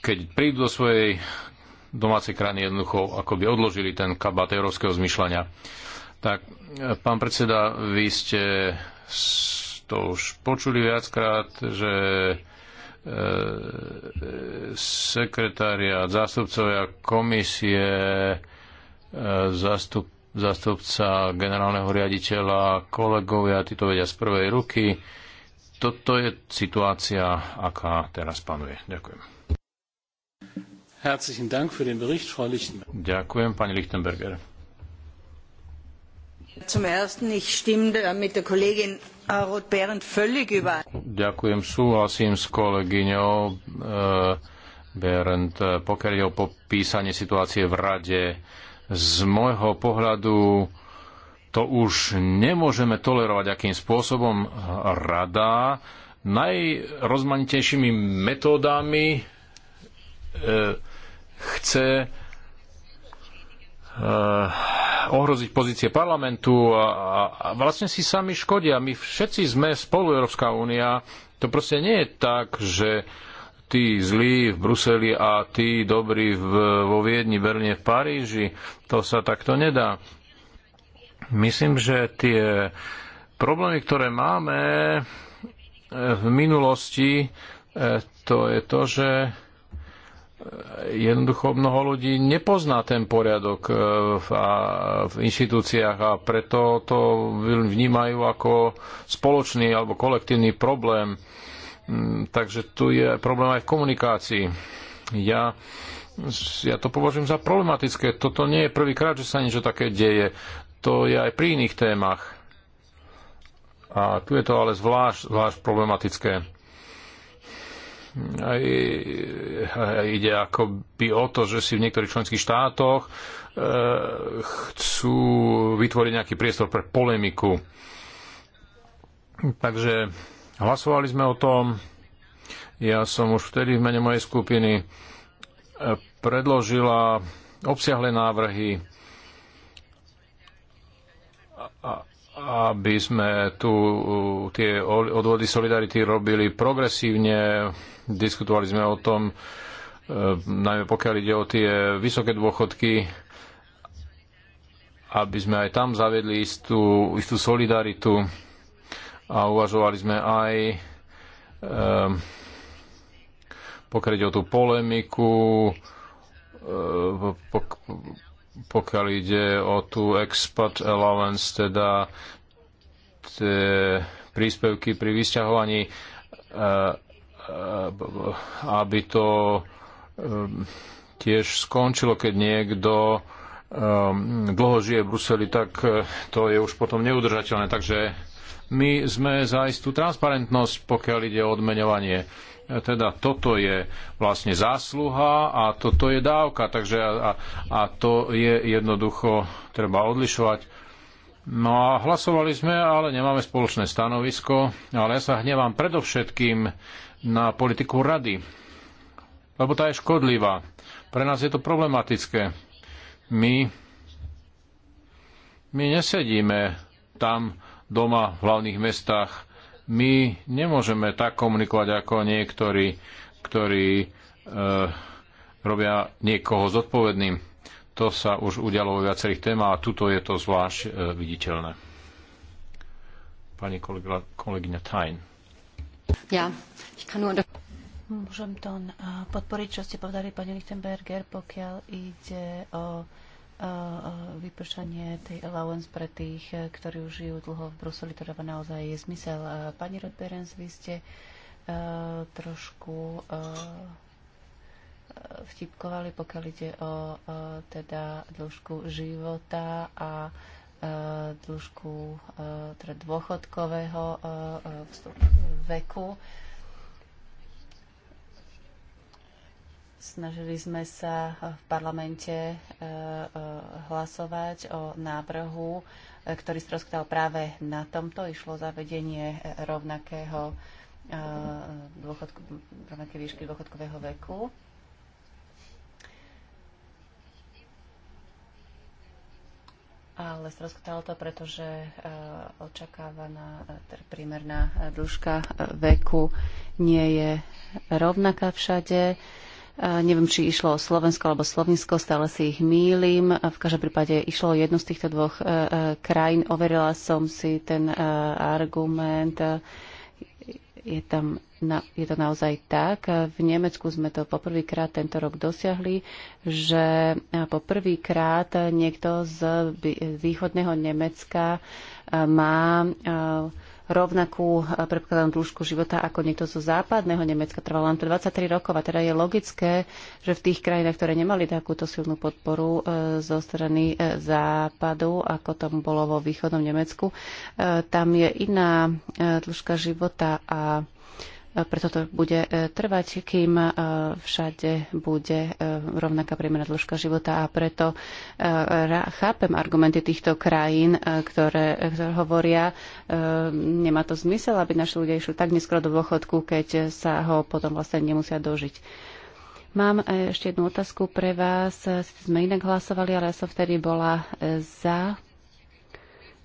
keď prídu do svojej domácej krajiny, jednoducho ako by odložili ten kabát európskeho zmyšľania. Tak, e, pán predseda, vy ste to už počuli viackrát, že e, sekretariat, zástupcovia komisie, zastup, zástupca generálneho riaditeľa, kolegovia, títo vedia z prvej ruky toto je situácia, aká teraz panuje. Ďakujem. Herzlichen Dank für den Bericht, Frau Lichtenberger. Ďakujem, pani Lichtenberger. Zum ersten, ich stimme mit der Kollegin Roth Behrendt völlig überein. Ďakujem, súhlasím s kolegyňou e, Behrendt, pokiaľ je o popísanie situácie v rade. Z môjho pohľadu to už nemôžeme tolerovať, akým spôsobom rada najrozmanitejšími metódami e, chce e, ohroziť pozície parlamentu a, a vlastne si sami škodia. My všetci sme spolu Európska únia. To proste nie je tak, že tí zlí v Bruseli a tí dobrí v, vo Viedni, Berne, v Paríži. To sa takto nedá. Myslím, že tie problémy, ktoré máme e, v minulosti, e, to je to, že e, jednoducho mnoho ľudí nepozná ten poriadok v, a, v inštitúciách a preto to vnímajú ako spoločný alebo kolektívny problém. Mm, takže tu je problém aj v komunikácii. Ja, ja to považujem za problematické. Toto nie je prvýkrát, že sa niečo také deje to je aj pri iných témach. A tu je to ale zvlášť, zvlášť problematické. Aj, ide ako by o to, že si v niektorých členských štátoch e, chcú vytvoriť nejaký priestor pre polemiku. Takže hlasovali sme o tom. Ja som už vtedy v mene mojej skupiny eh, predložila obsiahle návrhy aby sme tu tie odvody Solidarity robili progresívne. Diskutovali sme o tom, e, najmä pokiaľ ide o tie vysoké dôchodky, aby sme aj tam zavedli istú, istú solidaritu a uvažovali sme aj e, pokiaľ ide o tú polemiku, e, pokiaľ ide o tú export allowance, teda príspevky pri vysťahovaní, e, e, aby to e, tiež skončilo, keď niekto dlho žije v Bruseli, tak to je už potom neudržateľné. Takže my sme za istú transparentnosť, pokiaľ ide o odmeňovanie. E, teda toto je vlastne zásluha a toto je dávka, takže a, a to je jednoducho, treba odlišovať. No a hlasovali sme, ale nemáme spoločné stanovisko, ale ja sa hnevám predovšetkým na politiku rady, lebo tá je škodlivá. Pre nás je to problematické. My, my nesedíme tam, doma v hlavných mestách. My nemôžeme tak komunikovať ako niektorí, ktorí e, robia niekoho zodpovedným. To sa už udialo vo viacerých témach a tuto je to zvlášť e, viditeľné. Pani kolega, kolegyňa Tajn. Ja, Môžem to eh, podporiť, čo ste povedali, pani Lichtenberger, pokiaľ ide o vypršanie tej allowance pre tých, e, ktorí už žijú dlho v Bruseli, to dáva naozaj je zmysel. Pani Rodberens, vy ste e, trošku e, vtipkovali, pokiaľ ide o teda dĺžku života a dĺžku teda dôchodkového veku. Snažili sme sa eh, v parlamente eh, eh, hlasovať o návrhu, ktorý stroskotal práve na tomto. Išlo zavedenie rovnakého dôchodku, rovnaké výšky dôchodkového veku. ale stroskotalo to, pretože očakávaná teda prímerná dĺžka veku nie je rovnaká všade. Neviem, či išlo o Slovensko alebo Slovinsko, stále si ich mýlim. V každom prípade išlo o jednu z týchto dvoch e, e, krajín. Overila som si ten e, argument. Je, tam, je to naozaj tak. V Nemecku sme to poprvýkrát tento rok dosiahli, že poprvýkrát niekto z východného Nemecka má rovnakú eh, predpokladanú dĺžku života ako niekto zo západného Nemecka. Trvalo nám to 23 rokov a teda je logické, že v tých krajinách, ktoré nemali takúto silnú podporu eh, zo strany eh, západu, ako tomu bolo vo východnom Nemecku, tam je iná dĺžka života a E, preto to bude e, trvať, kým e, všade bude rovnaká priemerná dĺžka života a preto chápem argumenty týchto krajín, ktoré, ktoré hovoria, nemá to zmysel, aby naši ľudia išli tak neskoro do dôchodku, keď sa ho potom vlastne nemusia dožiť. Mám ešte jednu otázku pre vás. Sme inak hlasovali, ale ja som vtedy bola za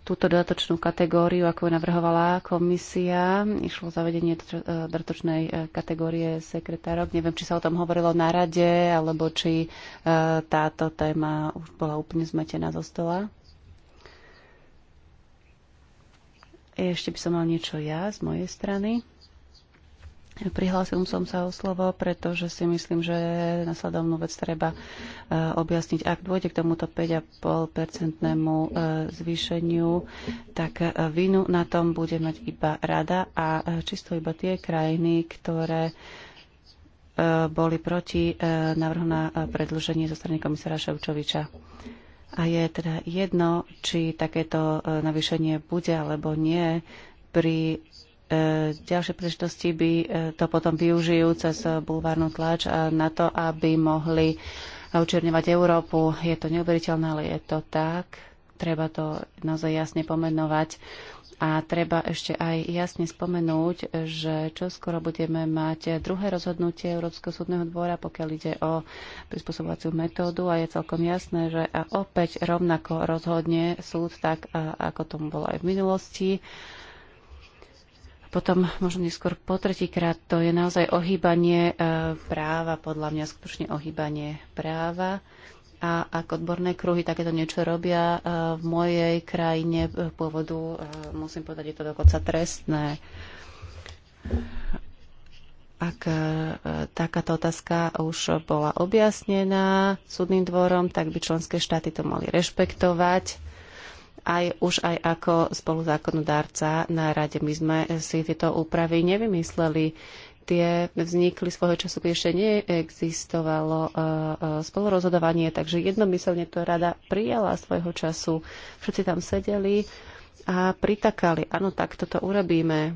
túto dodatočnú kategóriu, ako navrhovala komisia. Išlo zavedenie e, dodatočnej e, kategórie sekretárok. Neviem, či sa o tom hovorilo na rade, alebo či e, táto téma už bola úplne zmetená zo stola. Ešte by som mal niečo ja z mojej strany. Prihlásil som sa o slovo, pretože si myslím, že nasledovnú vec treba eh, objasniť. Ak dôjde k tomuto 5,5-percentnému eh, zvýšeniu, tak eh, vinu na tom bude mať iba rada a čisto iba tie krajiny, ktoré boli proti návrhu na predlženie zo strany komisára Ševčoviča. A je teda jedno, či takéto navýšenie bude alebo nie pri E, ďalšie príležitosti by e, to potom využijú cez bulvárnu tlač e, na to, aby mohli učerňovať Európu. Je to neuveriteľné, ale je to tak. Treba to naozaj jasne pomenovať. A treba ešte aj jasne spomenúť, že čo skoro budeme mať druhé rozhodnutie Európskeho súdneho dvora, pokiaľ ide o prispôsobovaciu metódu a je celkom jasné, že a opäť rovnako rozhodne súd tak, ako tomu bolo aj v minulosti potom možno neskôr po tretíkrát. To je naozaj ohýbanie e, práva, podľa mňa skutočne ohýbanie práva. A ak odborné kruhy takéto niečo robia e, v mojej krajine e, pôvodu, musím povedať, je to dokonca trestné. Ak takáto otázka už bola objasnená súdnym dvorom, tak by členské štáty to mali rešpektovať aj už aj ako spoluzákonodárca na rade. My sme si tieto úpravy nevymysleli. Tie vznikli svojho času, keď ešte neexistovalo e, e, spolurozhodovanie, takže jednomyselne to rada prijala svojho času. Všetci tam sedeli a pritakali, áno, tak toto urobíme.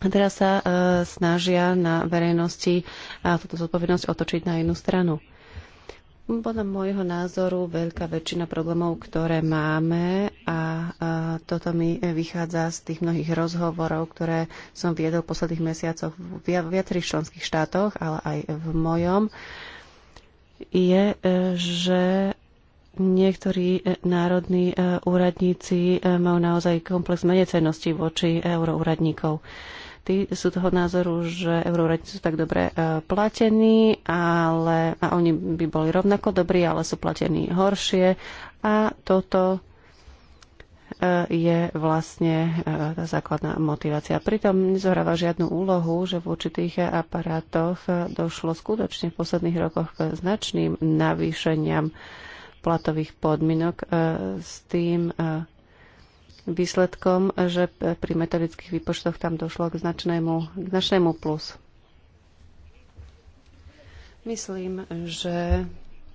A teraz sa e, snažia na verejnosti a túto zodpovednosť otočiť na jednu stranu. Podľa môjho názoru veľká väčšina problémov, ktoré máme a, a toto mi vychádza z tých mnohých rozhovorov, ktoré som viedol v posledných mesiacoch v viacerých členských štátoch, ale aj v mojom, je, e, že niektorí e, národní e, úradníci majú naozaj komplex menecenosti voči euroúradníkov. Tí sú toho názoru, že euroradi sú tak dobre e, platení, ale, a oni by boli rovnako dobrí, ale sú platení horšie. A toto e, je vlastne e, tá základná motivácia. Pritom nezohráva žiadnu úlohu, že v určitých aparátoch došlo skutočne v posledných rokoch k značným navýšeniam platových podmienok s tým výsledkom, že pri metodických výpočtoch tam došlo k značnému, k značnému plus. Myslím, že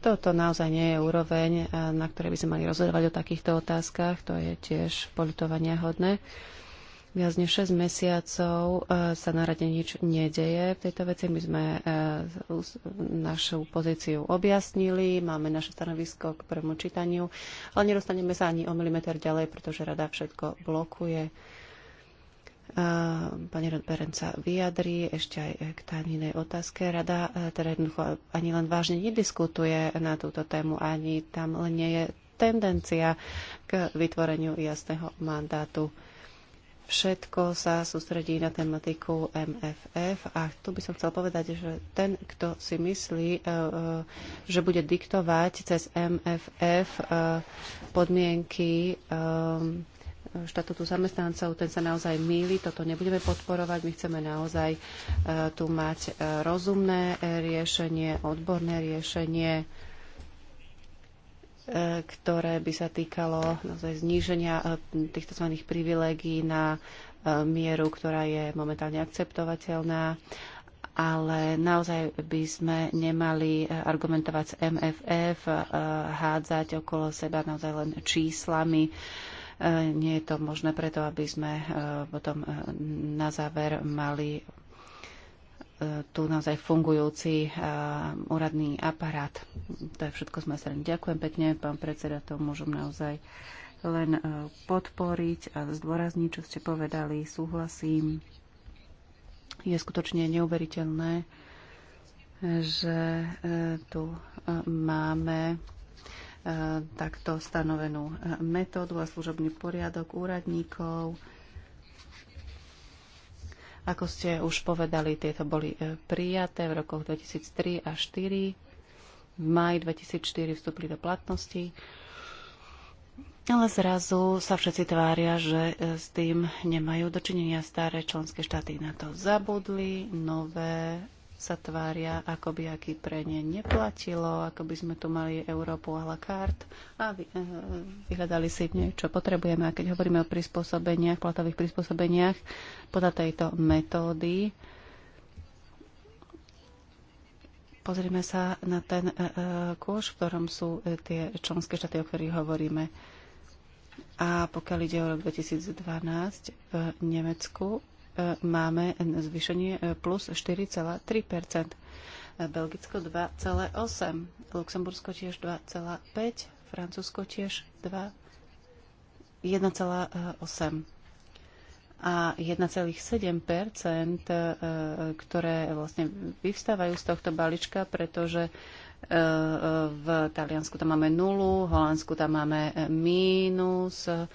toto naozaj nie je úroveň, na ktorej by sme mali rozhodovať o takýchto otázkach. To je tiež politovania hodné. Viac než 6 mesiacov e, sa na rade nič nedeje v tejto veci. My sme e, našu pozíciu objasnili, máme naše stanovisko k prvému čítaniu, ale nedostaneme sa ani o milimeter ďalej, pretože rada všetko blokuje. E, pani Rodberen sa vyjadrí ešte aj k tajnej otázke. Rada teda jednoducho ani len vážne nediskutuje na túto tému, ani tam len nie je tendencia k vytvoreniu jasného mandátu všetko sa sústredí na tematiku MFF a tu by som chcel povedať, že ten, kto si myslí, e, e, že bude diktovať cez MFF e, podmienky štatutu zamestnancov, ten sa naozaj míli, toto nebudeme podporovať, my chceme naozaj tu mať rozumné riešenie, odborné riešenie, E, ktoré by sa týkalo naozaj zníženia e, týchto tzv. privilégií na e, mieru, ktorá je momentálne akceptovateľná, ale naozaj by sme nemali argumentovať s MFF, hádzať okolo seba naozaj len číslami. Nie je to možné preto, aby sme potom na záver mali tu naozaj fungujúci e, úradný aparát. To je všetko z mojej strany. Ďakujem pekne, pán predseda, to môžem naozaj len e, podporiť a zdôrazniť, čo ste povedali. Súhlasím. Je skutočne neuveriteľné, že e, tu máme takto stanovenú metódu a služobný poriadok úradníkov, ako ste už povedali, tieto boli e, prijaté v rokoch 2003 a 2004. V maj 2004 vstúpili do platnosti. Ale zrazu sa všetci tvária, že e, s tým nemajú dočinenia. Staré členské štáty na to zabudli, nové sa tvária, ako by aký pre ne neplatilo, ako by sme tu mali Európu a la carte a vy, uh, vyhľadali si v nej, čo potrebujeme. A keď hovoríme o prispôsobeniach, platových prispôsobeniach, podľa tejto metódy, pozrieme sa na ten uh, eh, eh, kôž, v ktorom sú uh, tie členské štáty, o ktorých hovoríme. A pokiaľ ide o rok 2012 v Nemecku, E, máme zvýšenie e, plus 4,3 e, Belgicko 2,8, Luxembursko tiež 2,5, Francúzsko tiež 2, 1,8 a 1,7 ktoré vlastne vyvstávajú z tohto balíčka, pretože v Taliansku tam máme nulu, v Holandsku tam máme mínus, v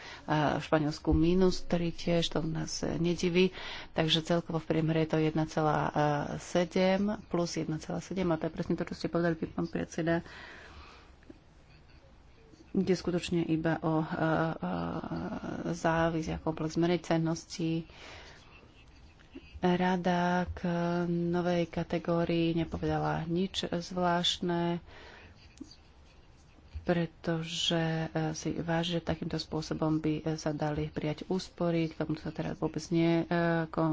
Španielsku mínus 3 tiež, to nás e, nediví. Takže celkovo v priemere je to 1,7 plus 1,7 a to je presne to, čo ste povedali, pán predseda ide skutočne iba o e, e, závisť a komplex meriteľnosti, Rada k novej kategórii nepovedala nič zvláštne, pretože e, si váži, že takýmto spôsobom by e, sa dali prijať úspory. K tomu sa teraz vôbec ne, e,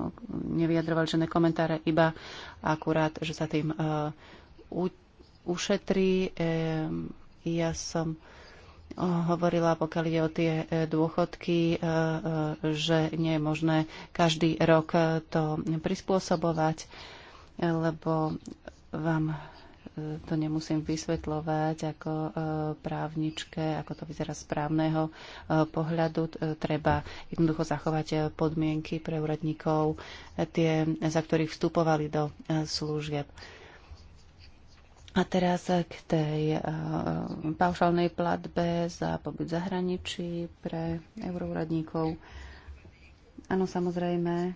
nevyjadrovali žiadne komentáre, iba akurát, že sa tým ušetrí. Ja som hovorila, pokiaľ ide o tie e, dôchodky, e, e, že nie je možné každý rok to prispôsobovať, lebo vám to nemusím vysvetľovať ako právničke, ako to vyzerá z právneho pohľadu. Treba jednoducho zachovať podmienky pre úradníkov, tie, za ktorých vstupovali do služieb. A teraz k tej eh, paušálnej platbe za pobyt zahraničí pre euroradníkov. Áno, samozrejme,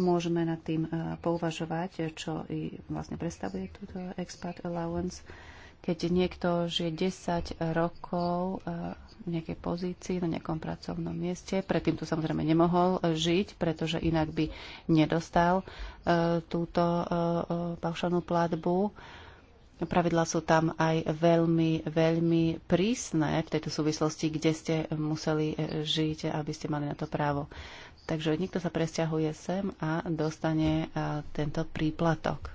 môžeme nad tým eh, pouvažovať, čo i vlastne predstavuje túto expat allowance. Keď niekto žije 10 rokov eh, v nejakej pozícii, na nejakom pracovnom mieste, predtým tu samozrejme nemohol žiť, pretože inak by nedostal túto paušálnu platbu, Pravidla sú tam aj veľmi, veľmi prísne v tejto súvislosti, kde ste museli e, žiť, aby ste mali na to právo. Takže niekto sa presťahuje sem a dostane e, tento príplatok. E,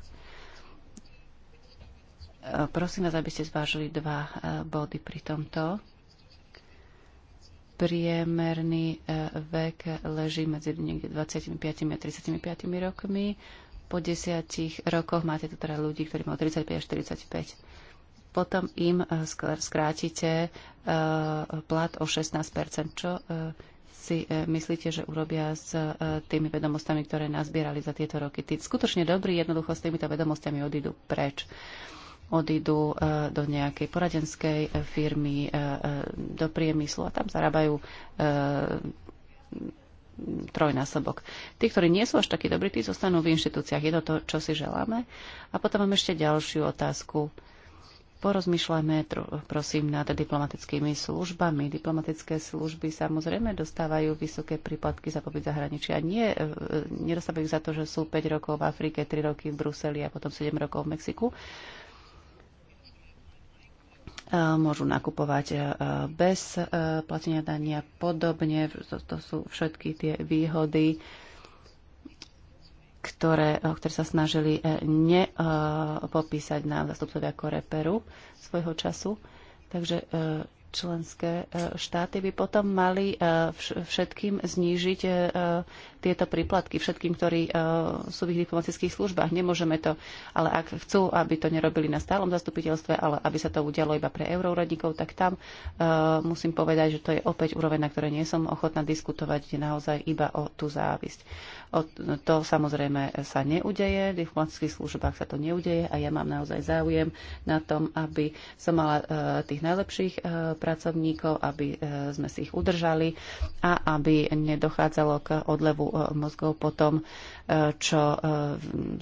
prosím vás, aby ste zvážili dva body pri tomto. Priemerný vek leží medzi niekde 25 a 35 rokmi po desiatich rokoch máte tu teda ľudí, ktorí majú 35 až 45. Potom im eh, skrátite eh, plat o 16 čo eh, si myslíte, že urobia s tými vedomostami, ktoré nazbierali za tieto roky? Tí skutočne dobrí jednoducho s týmito vedomostami odídu preč. Odídu do nejakej poradenskej firmy, do priemyslu a tam zarábajú trojnásobok. Tí, ktorí nie sú až takí dobrí, tí zostanú v inštitúciách. Je to to, čo si želáme. A potom mám ešte ďalšiu otázku. Porozmýšľajme, prosím, nad diplomatickými službami. Diplomatické služby samozrejme dostávajú vysoké príplatky za pobyt zahraničia. nie, e, nedostávajú za to, že sú 5 rokov v Afrike, 3 roky v Bruseli a potom 7 rokov v Mexiku. E, môžu nakupovať e, bez e, platenia dania podobne. To, to sú všetky tie výhody, ktoré, ktoré sa snažili nepopísať nám zastupcovia Koreperu svojho času. Takže členské e, štáty by potom mali e, všetkým znížiť e, tieto príplatky, všetkým, ktorí sú v ich diplomatických službách. Nemôžeme to, ale ak chcú, aby to nerobili na stálom zastupiteľstve, ale aby sa to udialo iba pre euroradníkov, tak tam musím povedať, že to je opäť úroveň, na ktorej nie som ochotná diskutovať, naozaj iba o tú závisť. O to samozrejme sa neudeje, v diplomatických službách sa to neudeje a ja mám naozaj záujem na tom, aby som mala tých najlepších pracovníkov, aby e, sme si ich udržali a aby nedochádzalo k odlevu e, mozgov po tom, e, čo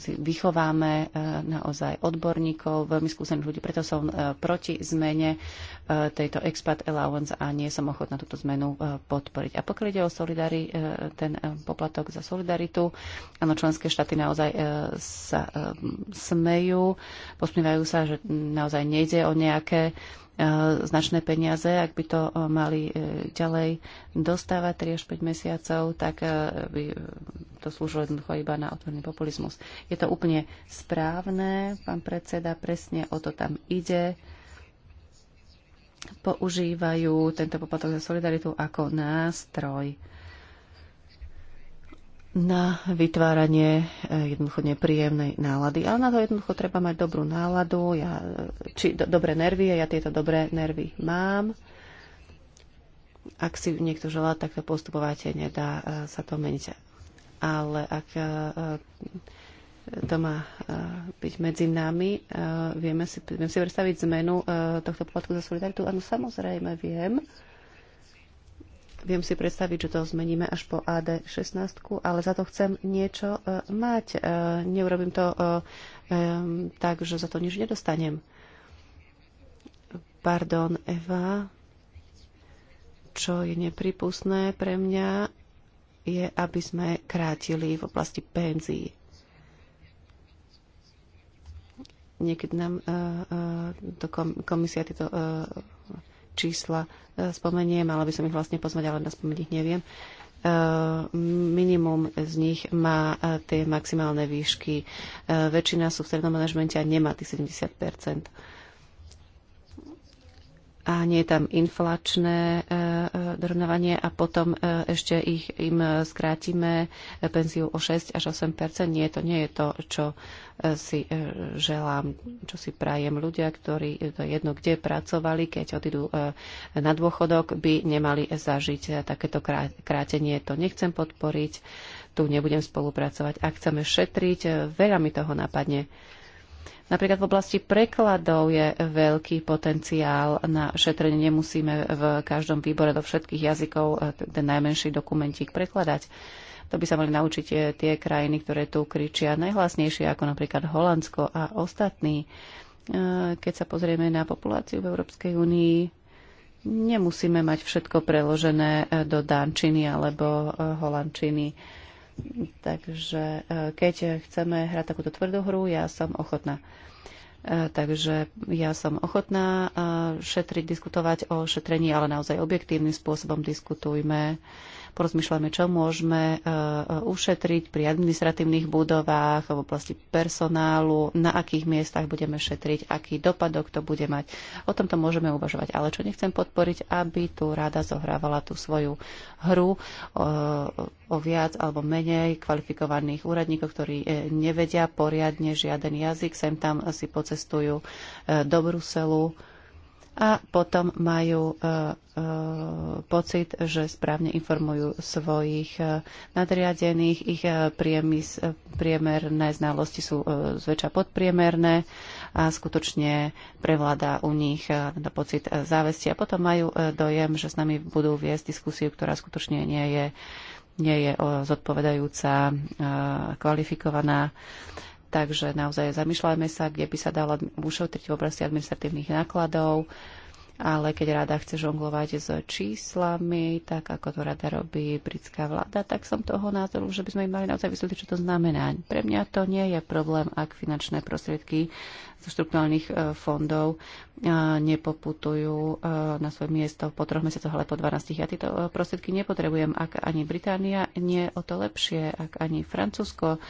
vychováme naozaj odborníkov, veľmi skúsených ľudí. Preto som proti zmene tejto expat allowance a nie som ochotná túto zmenu podporiť. A pokiaľ ide o solidari, ten poplatok za solidaritu, áno, členské štáty naozaj sa smejú, posmívajú sa, že naozaj nejde o nejaké E, značné peniaze, ak by to e, mali e, ďalej dostávať 3 až 5 mesiacov, tak by to slúžilo jednoducho iba na otvorný populizmus. Je to úplne správne, pán predseda, presne o to tam ide. Používajú tento poplatok za solidaritu ako nástroj na vytváranie e, jednoducho nepríjemnej nálady. Ale na to jednoducho treba mať dobrú náladu, ja, e, či do, dobré nervy, ja tieto dobré nervy mám. Ak si niekto želá takto postupovať, nedá e, sa to meniť. Ale ak to má byť medzi nami, vieme si, vieme si predstaviť zmenu tohto platku za solidaritu? Áno, samozrejme viem. Viem si predstaviť, že to zmeníme až po AD16, ale za to chcem niečo e, mať. E, neurobím to e, tak, že za to nič nedostanem. Pardon, Eva. Čo je nepripustné pre mňa, je, aby sme krátili v oblasti penzií. Niekedy nám uh, uh, to kom, komisia tieto uh, čísla e, spomeniem, ale by som ich vlastne pozvať, ale na ich neviem. E, minimum z nich má e, tie maximálne výšky. Väčšina sú v strednom manažmente a nemá tých 70 a nie je tam inflačné e, e, dorovnávanie a potom e, ešte ich, im skrátime penziu o 6 až 8 Nie, to nie je to, čo si želám, čo si prajem. Ľudia, ktorí to jedno kde pracovali, keď odídu na dôchodok, by nemali zažiť takéto krátenie. To nechcem podporiť, tu nebudem spolupracovať. Ak chceme šetriť, veľa mi toho napadne Napríklad v oblasti prekladov je veľký potenciál na šetrenie. Nemusíme v každom výbore do všetkých jazykov eh, ten najmenší dokumentík prekladať. To by sa mali naučiť eh, tie krajiny, ktoré tu kričia najhlasnejšie, ako napríklad Holandsko a ostatní. Eh, keď sa pozrieme na populáciu v Európskej únii, nemusíme mať všetko preložené do dančiny alebo holandčiny Takže e, keď chceme hrať takúto tvrdú hru, ja som ochotná. E, takže ja som ochotná e, šetriť, diskutovať o šetrení, ale naozaj objektívnym spôsobom diskutujme porozmýšľame, čo môžeme e, e, ušetriť pri administratívnych budovách v oblasti personálu, na akých miestach budeme šetriť, aký dopadok to bude mať. O tomto môžeme uvažovať. Ale čo nechcem podporiť, aby tu rada zohrávala tú svoju hru e, o viac alebo menej kvalifikovaných úradníkov, ktorí nevedia poriadne žiaden jazyk, sem tam si pocestujú do Bruselu a potom majú e, e, pocit, že správne informujú svojich e, nadriadených, ich priemys, priemerné znalosti sú zväčša podpriemerné a skutočne prevláda u nich teda pocit závesti a potom majú dojem, že s nami budú viesť diskusiu, ktorá skutočne nie je, nie je zodpovedajúca, kvalifikovaná. Takže naozaj zamýšľajme sa, kde by sa dala ušetriť v oblasti administratívnych nákladov, ale keď rada chce žonglovať s číslami, tak ako to rada robí britská vláda, tak som toho názoru, že by sme im mali naozaj vysvetliť, čo to znamená. Pre mňa to nie je problém, ak finančné prostriedky zo štruktúrnych e, fondov e, nepoputujú e, na svoje miesto po troch mesiacoch, ale po 12. Ja tieto prostriedky nepotrebujem, ak ani Británia nie o to lepšie, ak ani Francúzsko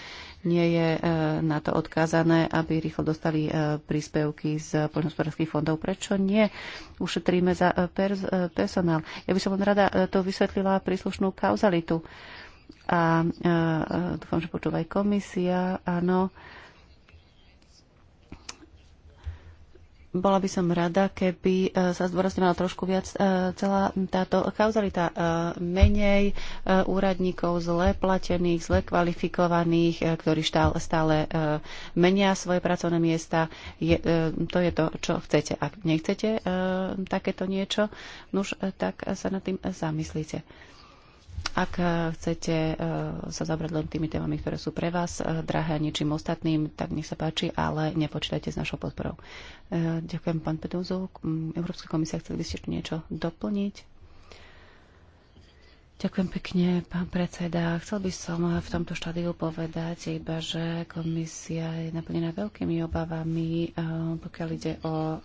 nie je e, na to odkázané, aby rýchlo dostali e, príspevky z poľnohospodárských fondov. Prečo nie? Ušetríme za e, pers- personál. Ja by som len rada to vysvetlila príslušnú kauzalitu. A, a dúfam, že počúva aj komisia. Áno, bola by som rada, keby e, sa zdôrazňovala trošku viac e, celá táto kauzalita. E, menej úradníkov zle platených, zle kvalifikovaných, ktorí stále, stále menia svoje pracovné miesta. Je, to je to, čo chcete. Ak nechcete takéto niečo, nuž tak sa nad tým zamyslíte. Ak eh, chcete eh, sa zabrať len tými témami, ktoré sú pre vás eh, drahé a ničím ostatným, tak nech sa páči, ale nepočítajte s našou podporou. Ďakujem, pán Petúzov. Mm, Európska komisia, chceli by ste niečo doplniť? Ďakujem pekne, pán predseda. Chcel by som v tomto štádiu povedať iba, že komisia je naplnená veľkými obavami, pokiaľ ide o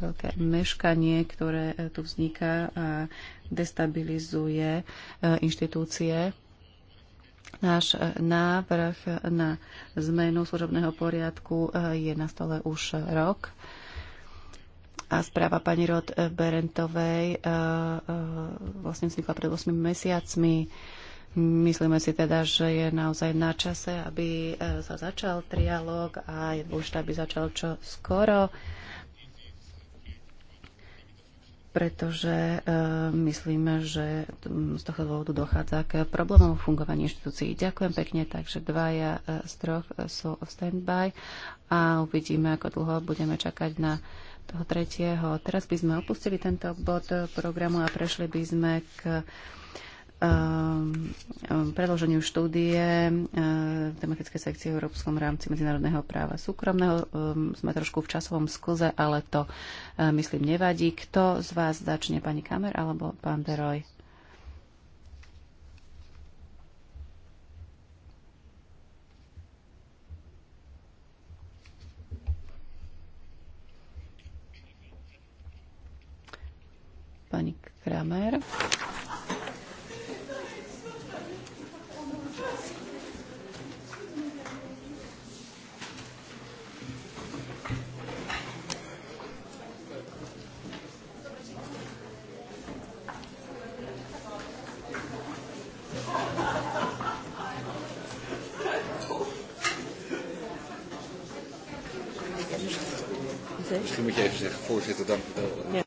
veľké meškanie, ktoré e, tu vzniká a destabilizuje e, inštitúcie. Náš e, návrh na zmenu služobného poriadku je na stole už rok a správa pani Rod Berentovej e, e, vlastne vznikla pred 8 mesiacmi. Myslíme si teda, že je naozaj na čase, aby e, sa začal trialog a je dôležité, aby začal čo skoro pretože e, myslíme, že z tohto dôvodu dochádza k problémom v fungovaní inštitúcií. Ďakujem pekne, takže dvaja z troch sú v stand-by a uvidíme, ako dlho budeme čakať na tretieho. Teraz by sme opustili tento bod programu a prešli by sme k ehm, predloženiu štúdie ehm, tematické sekcie v Európskom rámci medzinárodného práva súkromného. Ehm, sme trošku v časovom skuze, ale to myslím nevadí. Kto z vás začne, pani Kamer alebo pán Deroj? Kramer. Misschien moet je even zeggen, voorzitter, dank u wel. Ja.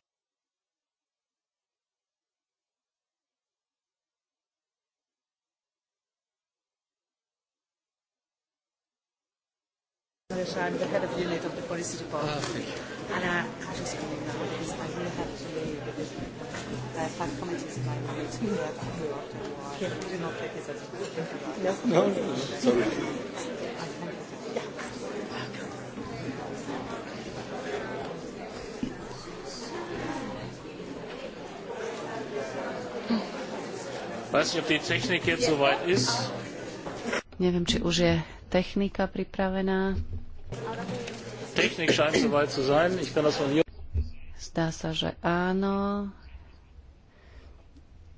that I'm the head of unit of the policy department. Ah, And I, I just come now because I will have to leave. Uh, five committees in my unit to work after a while. Yeah. Do not take this as a no. no, no, no. Sorry. Yeah. ob die Technik soweit ist. Neviem, či už je technika pripravená. Technik scheint soweit zu sein. Ich kann das von hier... Zdá sa, že áno.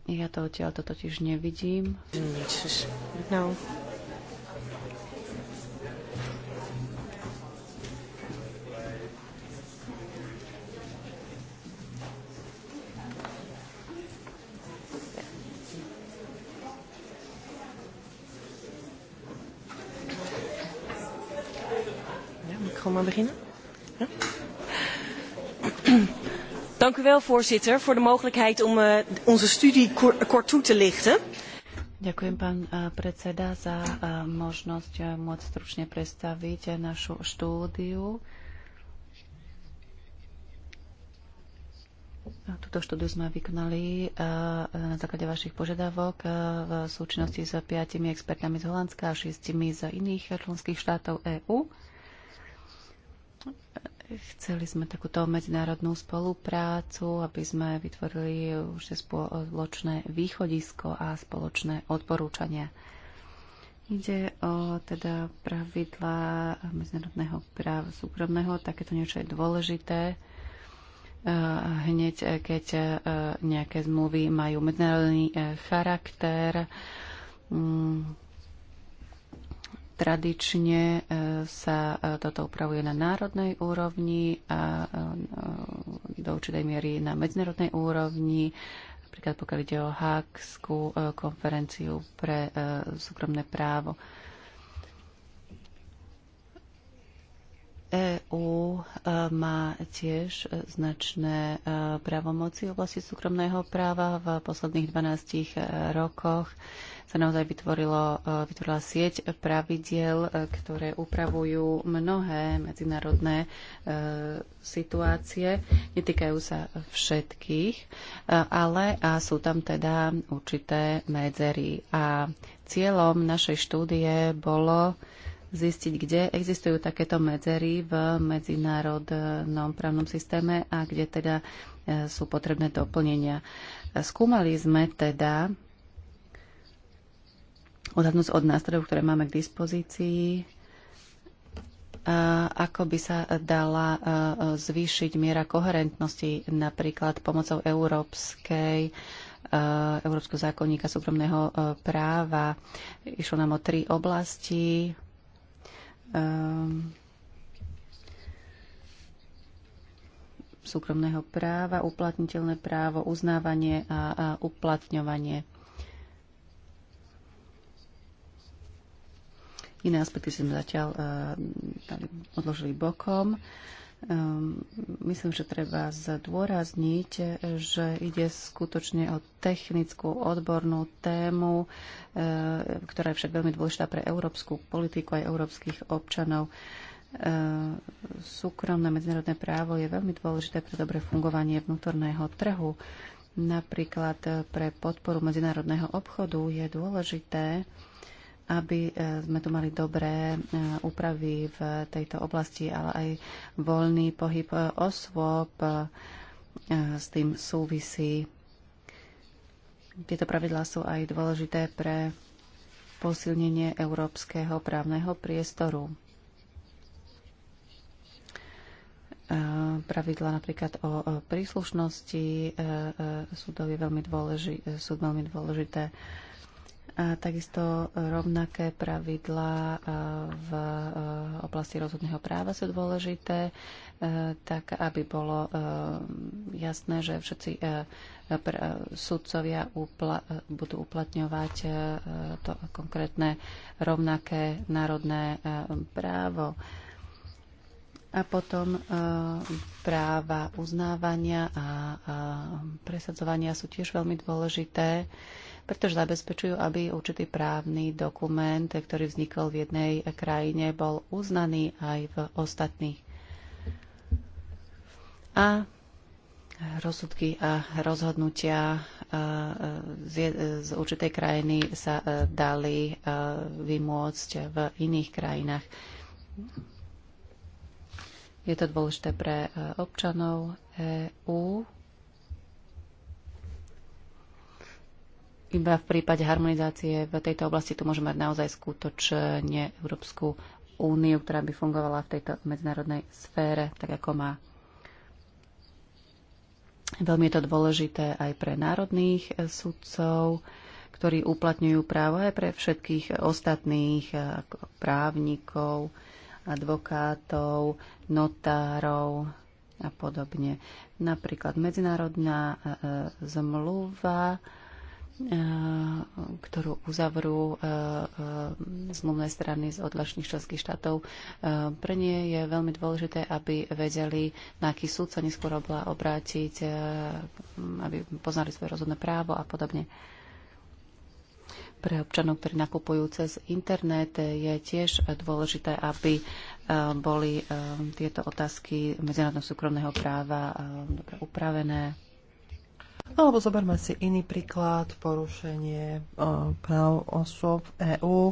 Ja to odtiaľto totiž nevidím. Mm, no. maar beginnen? Dank u wel, voorzitter, voor de mogelijkheid om uh, onze studie kort toe te lichten. Ďakujem, pán eh, predseda, za eh, možnosť môcť stručne predstaviť našu štúdiu. Tuto štúdiu sme vykonali na základe vašich požiadavok v súčinnosti s piatimi expertami z Holandska a šiestimi z iných členských štátov EÚ. Chceli sme takúto medzinárodnú spoluprácu, aby sme vytvorili už spoločné východisko a spoločné odporúčania. Ide o teda pravidla medzinárodného práva súkromného. Takéto niečo je dôležité. E, hneď, e, keď e, nejaké zmluvy majú medzinárodný charakter, mm, Tradične e, sa e, toto upravuje na národnej úrovni a e, do určitej miery na medzinárodnej úrovni. Napríklad pokiaľ ide o Hákskú konferenciu pre súkromné právo. EÚ e, má tiež e, značné e, právomoci v oblasti súkromného práva. V posledných 12 rokoch sa naozaj vytvorilo, vytvorila sieť pravidiel, ktoré upravujú mnohé medzinárodné situácie. Netýkajú sa všetkých, ale a sú tam teda určité medzery. A cieľom našej štúdie bolo zistiť, kde existujú takéto medzery v medzinárodnom právnom systéme a kde teda e, sú potrebné doplnenia. Skúmali sme teda odhadnúť od nástrojov, ktoré máme k dispozícii, e, ako by sa dala e, zvýšiť miera koherentnosti napríklad pomocou európskej Európskeho zákonníka súkromného práva. Išlo nám o tri oblasti, Ehm, súkromného práva, uplatniteľné právo, uznávanie a, a uplatňovanie. Iné aspekty sme zatiaľ uh, odložili bokom. Uh, Ehm, myslím, že treba zdôrazniť, že ide skutočne o technickú odbornú tému, ehm, ktorá je však veľmi dôležitá pre európsku politiku aj európskych občanov. Ehm, súkromné medzinárodné právo je veľmi dôležité pre dobré fungovanie vnútorného trhu. Napríklad pre podporu medzinárodného obchodu je dôležité, aby e, sme tu mali dobré e, úpravy v tejto oblasti, ale aj voľný pohyb e, osôb s tým súvisí. Tieto pravidlá sú aj dôležité pre posilnenie európskeho právneho priestoru. pravidla napríklad o príslušnosti súdov je veľmi dôležité, veľmi dôležité a takisto rovnaké pravidlá e, v e, oblasti rozhodného práva sú dôležité, e, tak aby bolo jasné, že všetci sudcovia budú uplatňovať to konkrétne rovnaké národné právo. A potom práva uznávania a presadzovania sú tiež veľmi dôležité pretože zabezpečujú, aby určitý právny dokument, ktorý vznikol v jednej krajine, bol uznaný aj v ostatných. A rozsudky a rozhodnutia e, e, z určitej krajiny sa e, dali vymôcť v iných krajinách. Je to dôležité pre občanov EÚ, Iba v prípade harmonizácie v tejto oblasti tu môžeme mať naozaj skutočne Európsku úniu, ktorá by fungovala v tejto medzinárodnej sfére, tak ako má. Veľmi je to dôležité aj pre národných eh, sudcov, ktorí uplatňujú právo aj pre všetkých ostatných eh, právnikov, advokátov, notárov a podobne. Napríklad medzinárodná eh, zmluva Eh, ktorú uzavrú eh, eh, zmluvné strany z odlašných členských štátov. Pre nie je veľmi dôležité, aby vedeli, na aký súd sa neskôr obrátiť, aby poznali svoje rozhodné právo a podobne. Pre občanov, ktorí nakupujú cez internet, je tiež dôležité, aby boli tieto otázky medzinárodného súkromného práva dobre upravené. Alebo zoberme si iný príklad, porušenie eh, práv osôb v EÚ.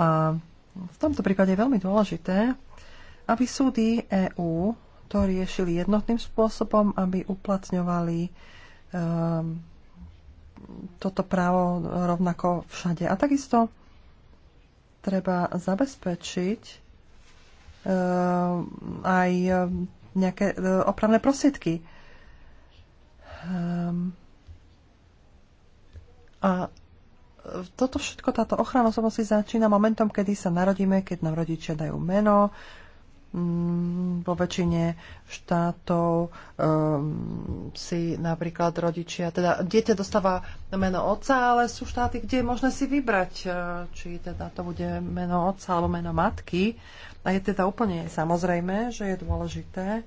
A v tomto prípade je veľmi dôležité, aby súdy EÚ to riešili jednotným spôsobom, aby uplatňovali um, toto právo rovnako všade. A takisto treba zabezpečiť um, aj nejaké um, opravné prostriedky Um, a e, toto všetko, táto ochrana osobnosti začína momentom, kedy sa narodíme, keď nám rodičia dajú meno. Um, vo väčšine štátov um, si napríklad rodičia, teda dieťa dostáva meno otca, ale sú štáty, kde je možné si vybrať, e, či teda to bude meno otca alebo meno matky. A je teda úplne samozrejme, že je dôležité, e,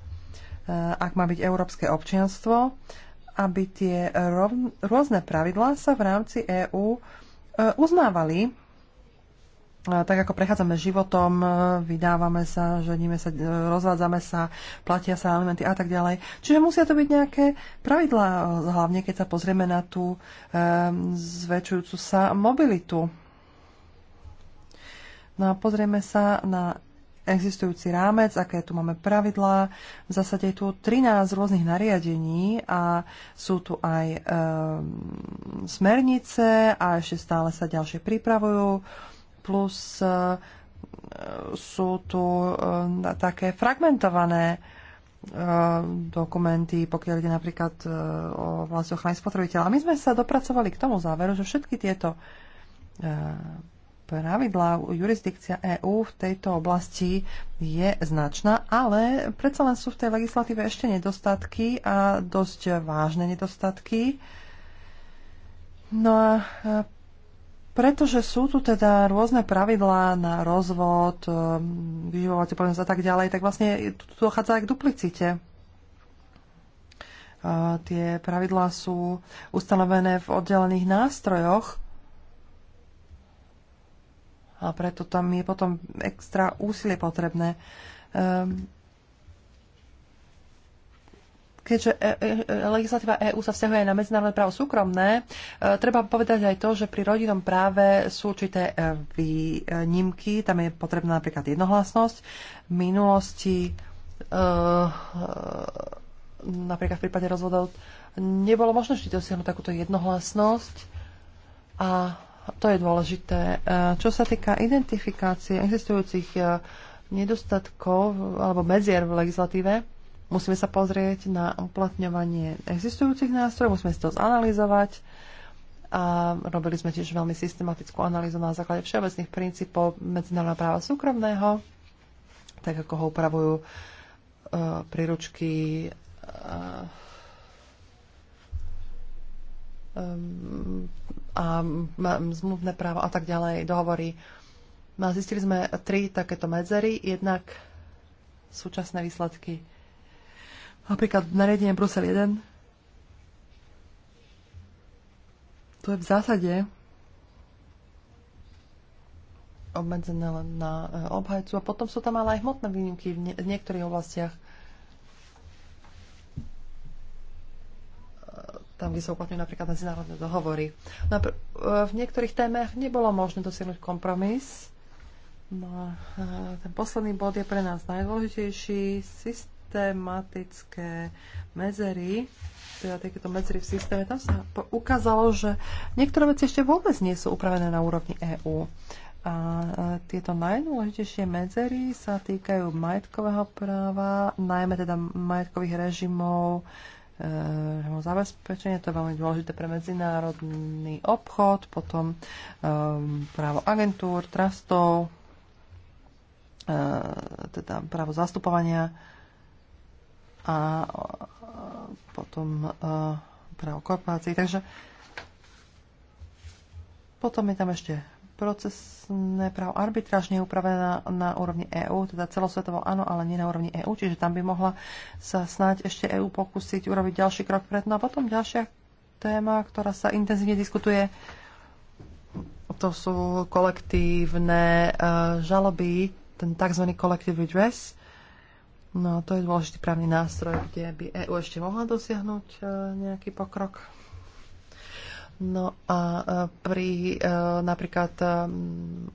ak má byť európske občianstvo, aby tie rov, rôzne pravidlá sa v rámci EÚ e, uznávali. Tak ako prechádzame životom, e, vydávame sa, ženíme sa, e, rozvádzame sa, platia sa alimenty a tak ďalej. Čiže musia to byť nejaké pravidlá, hlavne keď sa pozrieme na tú zväčšujúcu sa mobilitu. No a pozrieme sa na existujúci rámec, aké tu máme pravidlá. V zásade je tu 13 rôznych nariadení a sú tu aj e, smernice a ešte stále sa ďalšie pripravujú. Plus e, sú tu e, také fragmentované dokumenty, pokiaľ ide napríklad e, o vlastne ochrany spotrebiteľa. A my sme sa dopracovali k tomu záveru, že všetky tieto pravidlá, jurisdikcia EÚ v tejto oblasti je značná, ale predsa len sú v tej legislatíve ešte nedostatky a dosť vážne nedostatky. No a e, pretože sú tu teda rôzne pravidlá na rozvod, e, vyživovacie povinnosť a tak ďalej, tak vlastne tu dochádza aj k duplicite e, tie pravidlá sú ustanovené v oddelených nástrojoch a preto tam je potom extra úsilie potrebné. Ehm, keďže e- e- e- legislatíva EÚ sa vzťahuje aj na medzinárodné právo súkromné, treba povedať aj to, že pri rodinnom práve sú určité výnimky, tam je potrebná napríklad jednohlasnosť. V minulosti napríklad v prípade rozvodov nebolo možné vždy dosiahnuť takúto jednohlasnosť a to je dôležité. E, čo sa týka identifikácie existujúcich e, nedostatkov alebo medzier v legislatíve, musíme sa pozrieť na uplatňovanie existujúcich nástrojov, musíme si to zanalizovať a robili sme tiež veľmi systematickú analýzu na základe všeobecných princípov medzinárodného práva súkromného, tak ako ho upravujú e, príručky e, a zmluvné právo a tak ďalej, dohovory. No a zistili sme tri takéto medzery. Jednak súčasné výsledky. Napríklad nariadenie Brusel 1. To je v zásade obmedzené len na e, obhajcu. A potom sú tam ale aj hmotné výnimky v, nie- v niektorých oblastiach. tam, kde sa uplatňujú napríklad medzinárodné dohovory. Napr- no e, v niektorých témach nebolo možné dosiahnuť kompromis. No, e, ten posledný bod je pre nás najdôležitejší. Systematické medzery, teda takéto medzery v systéme, tam sa ukázalo, že niektoré veci ešte vôbec nie sú upravené na úrovni EÚ. A e, tieto najdôležitejšie medzery sa týkajú majetkového práva, najmä teda majetkových režimov, e, zabezpečenie, to je veľmi dôležité pre medzinárodný obchod, potom um, právo agentúr, trustov, uh, eh, teda právo zastupovania a potom uh, právo korporácií. Takže potom je tam ešte procesné právo arbitrážne je upravené na, na úrovni EÚ, teda celosvetovo áno, ale nie na úrovni EÚ, čiže tam by mohla sa snáď ešte EÚ pokúsiť urobiť ďalší krok pred. No a potom ďalšia téma, ktorá sa intenzívne diskutuje, to sú kolektívne uh, žaloby, ten tzv. collective redress. No to je dôležitý právny nástroj, kde by EÚ ešte mohla dosiahnuť uh, nejaký pokrok. No a e, pri e, napríklad e,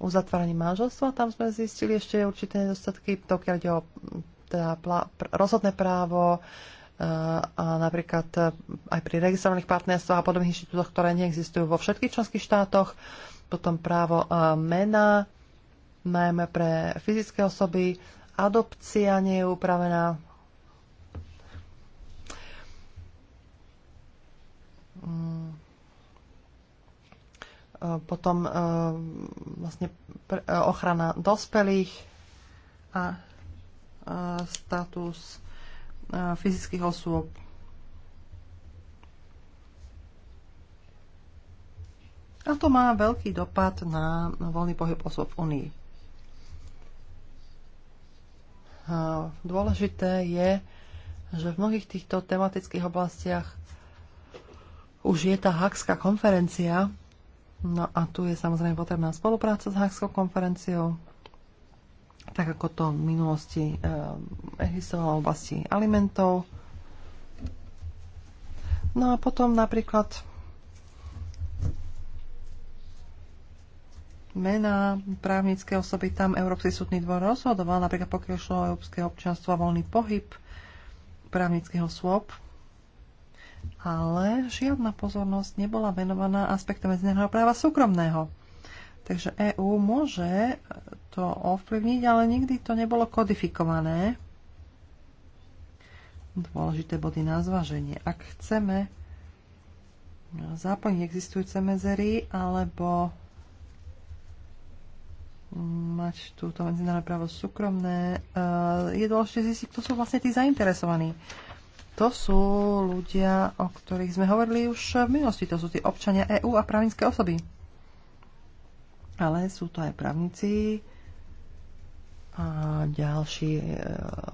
uzatváraní manželstva, tam sme zistili ešte určité nedostatky, pokiaľ ide o teda rozhodné právo a napríklad aj pri registrovaných partnerstvách a podobných inštitútoch, ktoré neexistujú vo všetkých členských štátoch, potom právo mena, najmä pre fyzické osoby, adopcia nie je upravená, Mm E, potom e, vlastne e, ochrana dospelých a status fyzických osôb. A to má veľký dopad na voľný pohyb osôb v Unii. Dôležité je, že v mnohých týchto tematických oblastiach už je tá Hakská konferencia, No a tu je samozrejme potrebná spolupráca s Hagskou konferenciou, tak ako to v minulosti eh, existovalo v oblasti alimentov. No a potom napríklad mená právnické osoby, tam Európsky súdny dvor rozhodoval, napríklad pokiaľ šlo o európske občianstvo a voľný pohyb právnických osôb ale žiadna pozornosť nebola venovaná aspektom medzinárodného práva súkromného. Takže EÚ môže to ovplyvniť, ale nikdy to nebolo kodifikované. Dôležité body na zváženie. Ak chceme zaplniť existujúce medzery alebo mať túto medzinárodné právo súkromné, e, je dôležité zistiť, kto sú vlastne tí zainteresovaní. To sú ľudia, o ktorých sme hovorili už v minulosti. To sú tí občania EÚ a právnické osoby. Ale sú to aj právnici a ďalší e,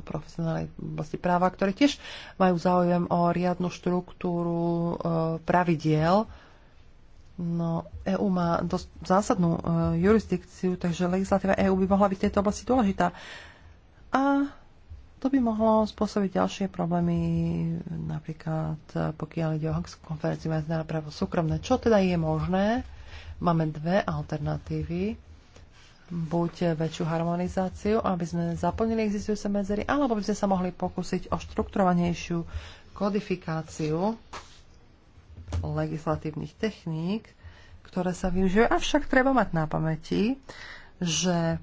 profesionáli v oblasti práva, ktorí tiež majú záujem o riadnu štruktúru e, pravidiel. No, EÚ má dosť zásadnú e, jurisdikciu, takže legislatíva EÚ by mohla byť v tejto oblasti dôležitá. A to by mohlo spôsobiť ďalšie problémy, napríklad eh, pokiaľ ide o konferenciu medzinárodného práva súkromné. Čo teda je možné? Máme dve alternatívy. Buď väčšiu harmonizáciu, aby sme zaplnili existujúce medzery, alebo by sme sa mohli pokúsiť o štrukturovanejšiu kodifikáciu legislatívnych techník, ktoré sa využijú. Avšak treba mať na pamäti, že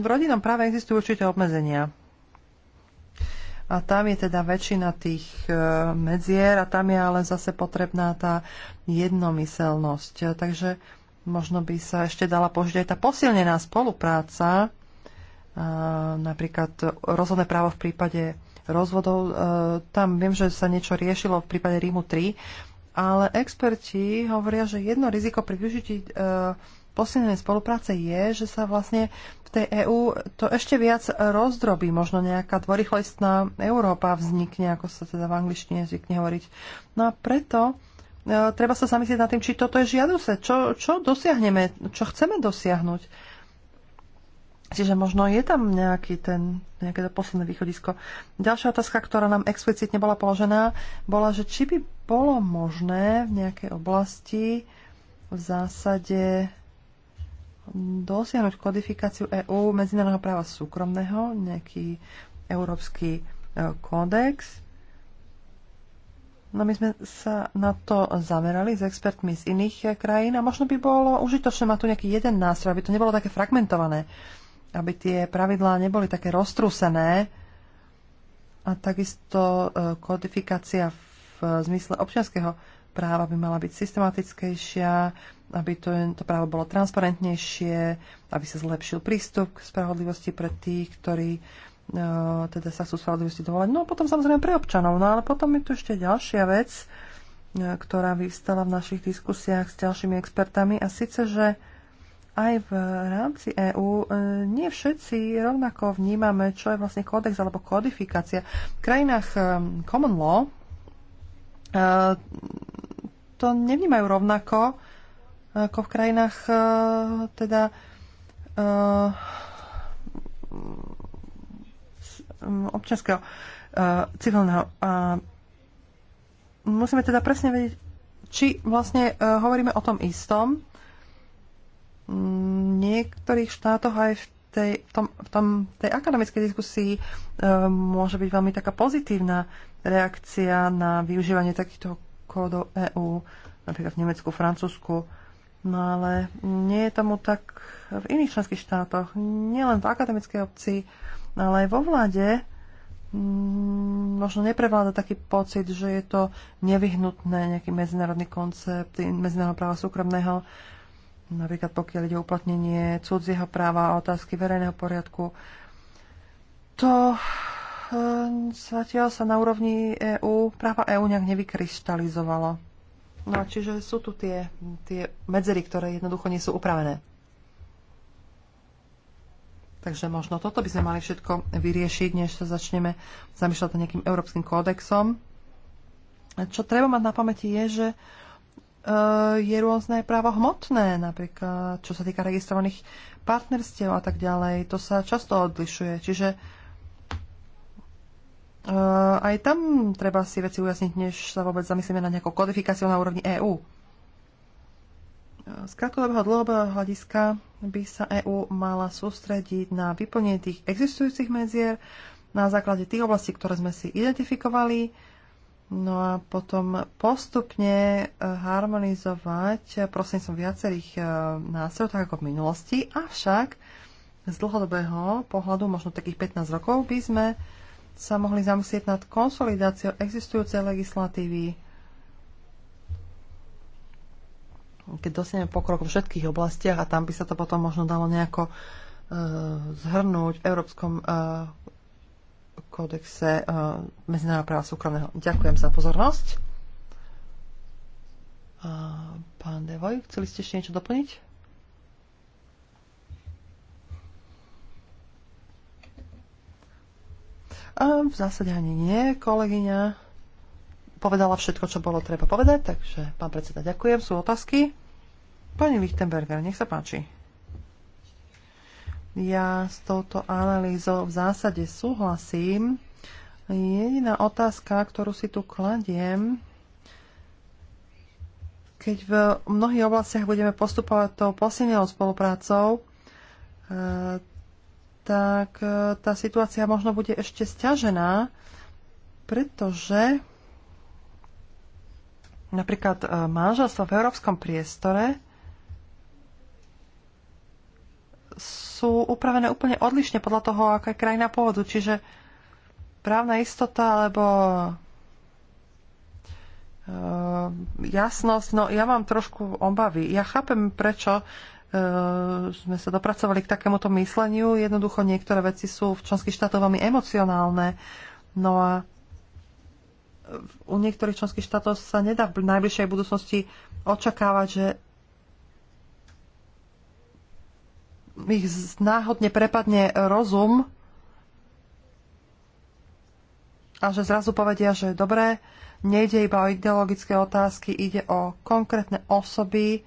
v rodinnom práve existujú určité obmedzenia. A tam je teda väčšina tých e, medzier a tam je ale zase potrebná tá jednomyselnosť. Takže možno by sa ešte dala požiť aj tá posilnená spolupráca, e, napríklad rozhodné právo v prípade rozvodov. E, tam viem, že sa niečo riešilo v prípade Rímu 3, ale experti hovoria, že jedno riziko pri využití posilnenie spolupráce je, že sa vlastne v tej EÚ to ešte viac rozdrobí. Možno nejaká dvorýchlejstná Európa vznikne, ako sa teda v angličtine zvykne hovoriť. No a preto e, treba sa zamyslieť nad tým, či toto je žiaduce, čo, čo dosiahneme, čo chceme dosiahnuť. Čiže možno je tam nejaký ten, nejaké to posledné východisko. Ďalšia otázka, ktorá nám explicitne bola položená, bola, že či by bolo možné v nejakej oblasti v zásade dosiahnuť kodifikáciu EÚ medzinárodného práva súkromného, nejaký európsky e, kódex. No my sme sa na to zamerali s expertmi z iných e, krajín a možno by bolo užitočné mať tu nejaký jeden nástroj, aby to nebolo také fragmentované, aby tie pravidlá neboli také roztrúsené a takisto e, kodifikácia v zmysle občianského práva by mala byť systematickejšia, aby to, to právo bolo transparentnejšie, aby sa zlepšil prístup k spravodlivosti pre tých, ktorí e, teda sa chcú spravodlivosti dovolať. No a potom samozrejme pre občanov. No ale potom je tu ešte ďalšia vec, e, ktorá vyvstala v našich diskusiách s ďalšími expertami a síce, že aj v rámci EÚ e, nie všetci rovnako vnímame, čo je vlastne kódex alebo kodifikácia. V krajinách e, common law, Eh, to nevnímajú rovnako eh, ako v krajinách eh, teda občanského civilného. musíme teda presne vedieť, či vlastne hovoríme o tom istom. Mm, v niektorých štátoch aj v tej, v tom, v tom, tej akademickej diskusii môže byť veľmi taká pozitívna reakcia na využívanie takýchto kódov EÚ, napríklad v Nemecku, Francúzsku. No ale nie je tomu tak v iných členských štátoch, nielen v akademickej obci, ale aj vo vláde mm, možno neprevláda taký pocit, že je to nevyhnutné, nejaký medzinárodný koncept medzinárodného práva súkromného, napríklad pokiaľ ide o uplatnenie cudzieho práva a otázky verejného poriadku. To zatiaľ sa na úrovni EÚ, práva EÚ nejak nevykryštalizovalo. No, čiže sú tu tie, tie medzery, ktoré jednoducho nie sú upravené. Takže možno toto by sme mali všetko vyriešiť, než sa začneme zamýšľať nad nejakým európskym kódexom. Čo treba mať na pamäti je, že e, je rôzne právo hmotné, napríklad čo sa týka registrovaných partnerstiev a tak ďalej. To sa často odlišuje. Čiže Eh, aj tam treba si veci ujasniť, než sa vôbec zamyslíme na nejakú kodifikáciu na úrovni EÚ. Eh, z krátkodobého dlhodobého hľadiska by sa EÚ mala sústrediť na vyplnenie tých existujúcich medzier na základe tých oblastí, ktoré sme si identifikovali, no a potom postupne eh, harmonizovať prostredníctvom viacerých nástrojov, tak ako v minulosti, avšak z dlhodobého pohľadu, možno takých 15 rokov, by sme sa mohli zamyslieť nad konsolidáciou existujúcej legislatívy, keď dosiahneme pokrok v všetkých oblastiach a tam by sa to potom možno dalo nejako uh, zhrnúť v Európskom uh, kódexe uh, medzinárodného práva súkromného. Ďakujem za pozornosť. Uh, pán Devoj, chceli ste ešte niečo doplniť? A v zásade ani nie, kolegyňa povedala všetko, čo bolo treba povedať, takže pán predseda, ďakujem. Sú otázky? Pani Lichtenberger, nech sa páči. Ja s touto analýzou v zásade súhlasím. Jediná otázka, ktorú si tu kladiem, keď v mnohých oblastiach budeme postupovať tou posilnenou spoluprácou, e, tak e, tá situácia možno bude ešte stiažená, pretože napríklad e, manželstvo v európskom priestore sú upravené úplne odlišne podľa toho, aká je krajina pôvodu. Čiže právna istota alebo e, jasnosť, no ja mám trošku obavy. Ja chápem, prečo E, sme sa dopracovali k takémuto mysleniu. Jednoducho niektoré veci sú v členských štátoch veľmi emocionálne. No a u niektorých členských štátov sa nedá v najbližšej budúcnosti očakávať, že ich náhodne prepadne rozum a že zrazu povedia, že dobre, nejde iba o ideologické otázky, ide o konkrétne osoby,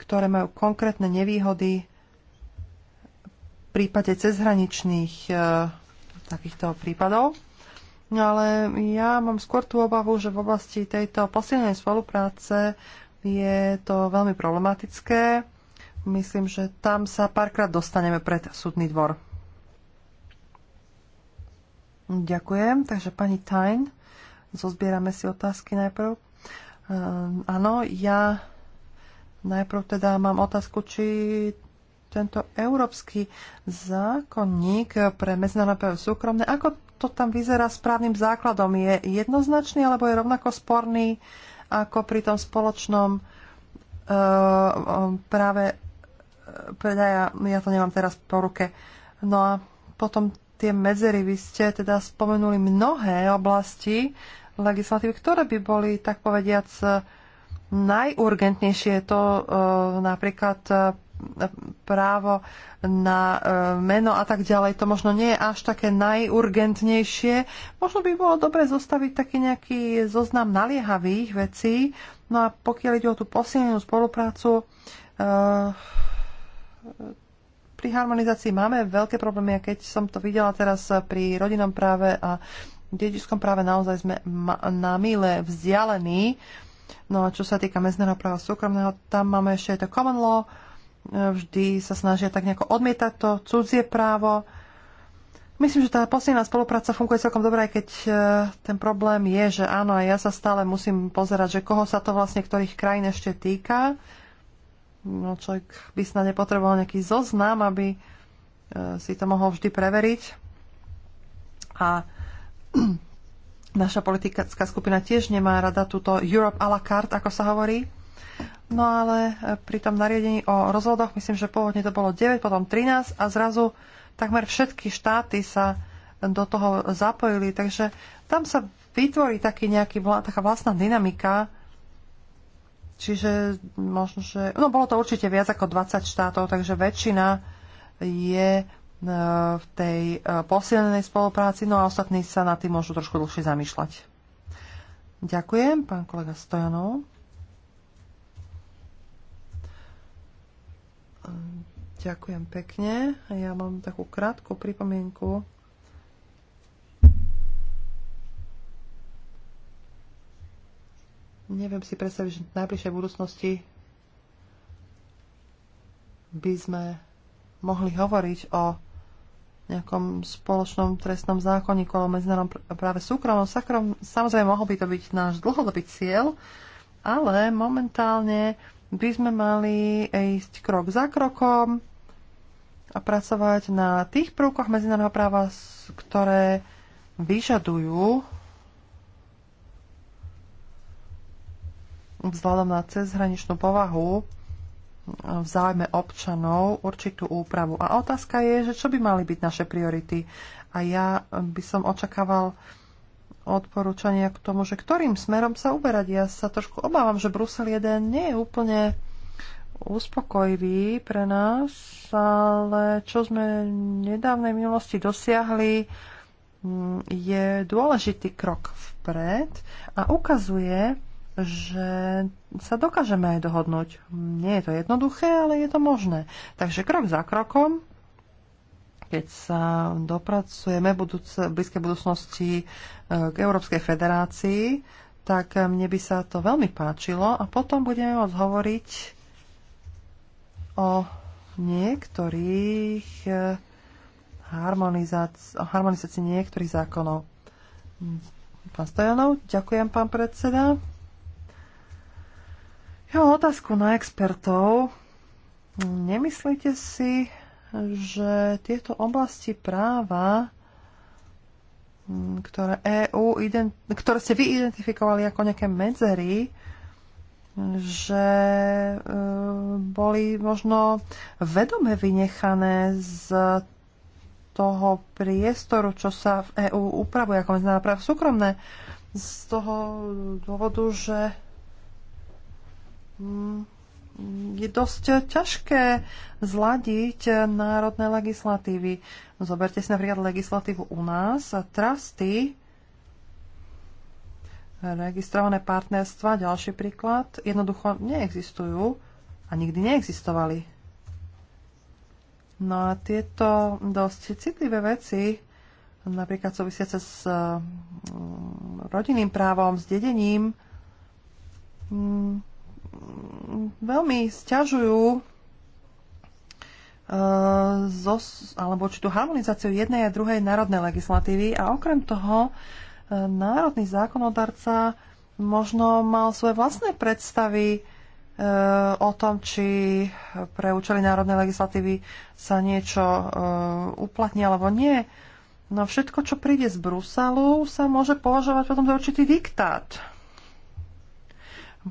ktoré majú konkrétne nevýhody v prípade cezhraničných e, takýchto prípadov. No ale ja mám skôr tú obavu, že v oblasti tejto posilnej spolupráce je to veľmi problematické. Myslím, že tam sa párkrát dostaneme pred súdny dvor. Ďakujem. Takže pani Tajn, zozbierame si otázky najprv. E, áno, ja Najprv teda mám otázku, či tento európsky zákonník pre medzinárodné súkromné, ako to tam vyzerá s právnym základom? Je jednoznačný alebo je rovnako sporný ako pri tom spoločnom uh, práve eh, predaja, ja to nemám teraz po ruke. No a potom tie medzery, vy ste teda spomenuli mnohé oblasti legislatívy, ktoré by boli, tak povediac, uh, Najurgentnejšie je to e, napríklad e, právo na e, meno a tak ďalej, to možno nie je až také najurgentnejšie. Možno by bolo dobre zostaviť taký nejaký zoznam naliehavých vecí. No a pokiaľ ide o tú posilnenú spoluprácu, pri harmonizácii máme veľké problémy a keď som to videla teraz pri rodinnom práve a dedičskom práve naozaj sme na mile vzdialení No a čo sa týka medzinárodného práva súkromného, tam máme ešte aj to common law. E, vždy sa snažia tak nejako odmietať to cudzie právo. Myslím, že tá posledná spolupráca funguje celkom dobre, aj keď e, ten problém je, že áno, aj ja sa stále musím pozerať, že koho sa to vlastne ktorých krajín ešte týka. No, človek by snad nepotreboval nejaký zoznam, aby e, si to mohol vždy preveriť. A Naša politická skupina tiež nemá rada túto Europe à la carte, ako sa hovorí. No ale e, pri tom nariadení o rozvodoch, myslím, že pôvodne to bolo 9, potom 13 a zrazu takmer všetky štáty sa do toho zapojili. Takže tam sa vytvorí taký nejaký, taká vlastná dynamika. Čiže možno, že... No bolo to určite viac ako 20 štátov, takže väčšina je E, v tej e, posilnenej spolupráci, no a ostatní sa na tým môžu trošku dlhšie zamýšľať. Ďakujem, pán kolega Stojanov. Ďakujem pekne. Ja mám takú krátku pripomienku. Neviem si predstaviť, že v najbližšej budúcnosti by sme mohli hovoriť o nejakom spoločnom trestnom zákonníku alebo medzinárodnom práve súkromnom. Sakrom, samozrejme, mohol by to byť náš dlhodobý cieľ, ale momentálne by sme mali ísť krok za krokom a pracovať na tých prvkoch medzinárodného práva, ktoré vyžadujú vzhľadom na cezhraničnú povahu v záujme občanov určitú úpravu. A otázka je, že čo by mali byť naše priority. A ja by som očakával odporúčania k tomu, že ktorým smerom sa uberať. Ja sa trošku obávam, že Brusel 1 nie je úplne uspokojivý pre nás, ale čo sme v nedávnej minulosti dosiahli, mm, je dôležitý krok vpred a ukazuje, že sa dokážeme aj dohodnúť. Nie je to jednoduché, ale je to možné. Takže krok za krokom, keď sa dopracujeme v blízkej budúcnosti e, k Európskej federácii, tak e, mne by sa to veľmi páčilo a potom budeme môcť hovoriť o niektorých e, harmonizácii, harmonizácii niektorých zákonov. Pán Stojanov, ďakujem, pán predseda. Ja mám otázku na expertov. Nemyslíte si, že tieto oblasti práva, ktoré, EU, ktoré ste vy identifikovali ako nejaké medzery, že e, boli možno vedome vynechané z toho priestoru, čo sa v EÚ upravuje ako medzinárodné právo súkromné, z toho dôvodu, že Mm, je dosť ťažké zladiť národné legislatívy. Zoberte si napríklad legislatívu u nás. Trusty, registrované partnerstva, ďalší príklad, jednoducho neexistujú a nikdy neexistovali. No a tieto dosť citlivé veci, napríklad súvisiace s mm, rodinným právom, s dedením, mm, veľmi sťažujú e, zo, alebo či tú harmonizáciu jednej a druhej národnej legislatívy a okrem toho e, národný zákonodarca možno mal svoje vlastné predstavy e, o tom, či pre účely národnej legislatívy sa niečo uplatní alebo nie. No všetko, čo príde z Bruselu, sa môže považovať potom za určitý diktát.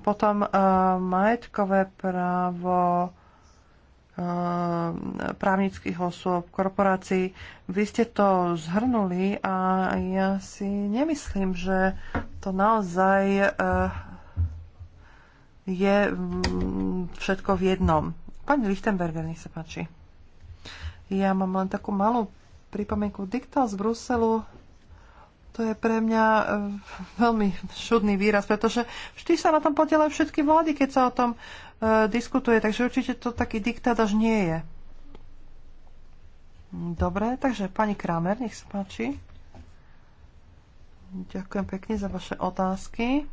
Potom uh, majetkové právo uh, právnických osôb, korporácií. Vy ste to zhrnuli a ja si nemyslím, že to naozaj uh, je mm, všetko v jednom. Pani Lichtenberger, nech sa páči. Ja mám len takú malú pripomienku. Diktál z Bruselu to je pre mňa e, veľmi šudný výraz, pretože vždy sa na tom podielajú všetky vlády, keď sa o tom e, diskutuje, takže určite to taký diktát až nie je. Dobre, takže pani Kramer, nech sa páči. Ďakujem pekne za vaše otázky.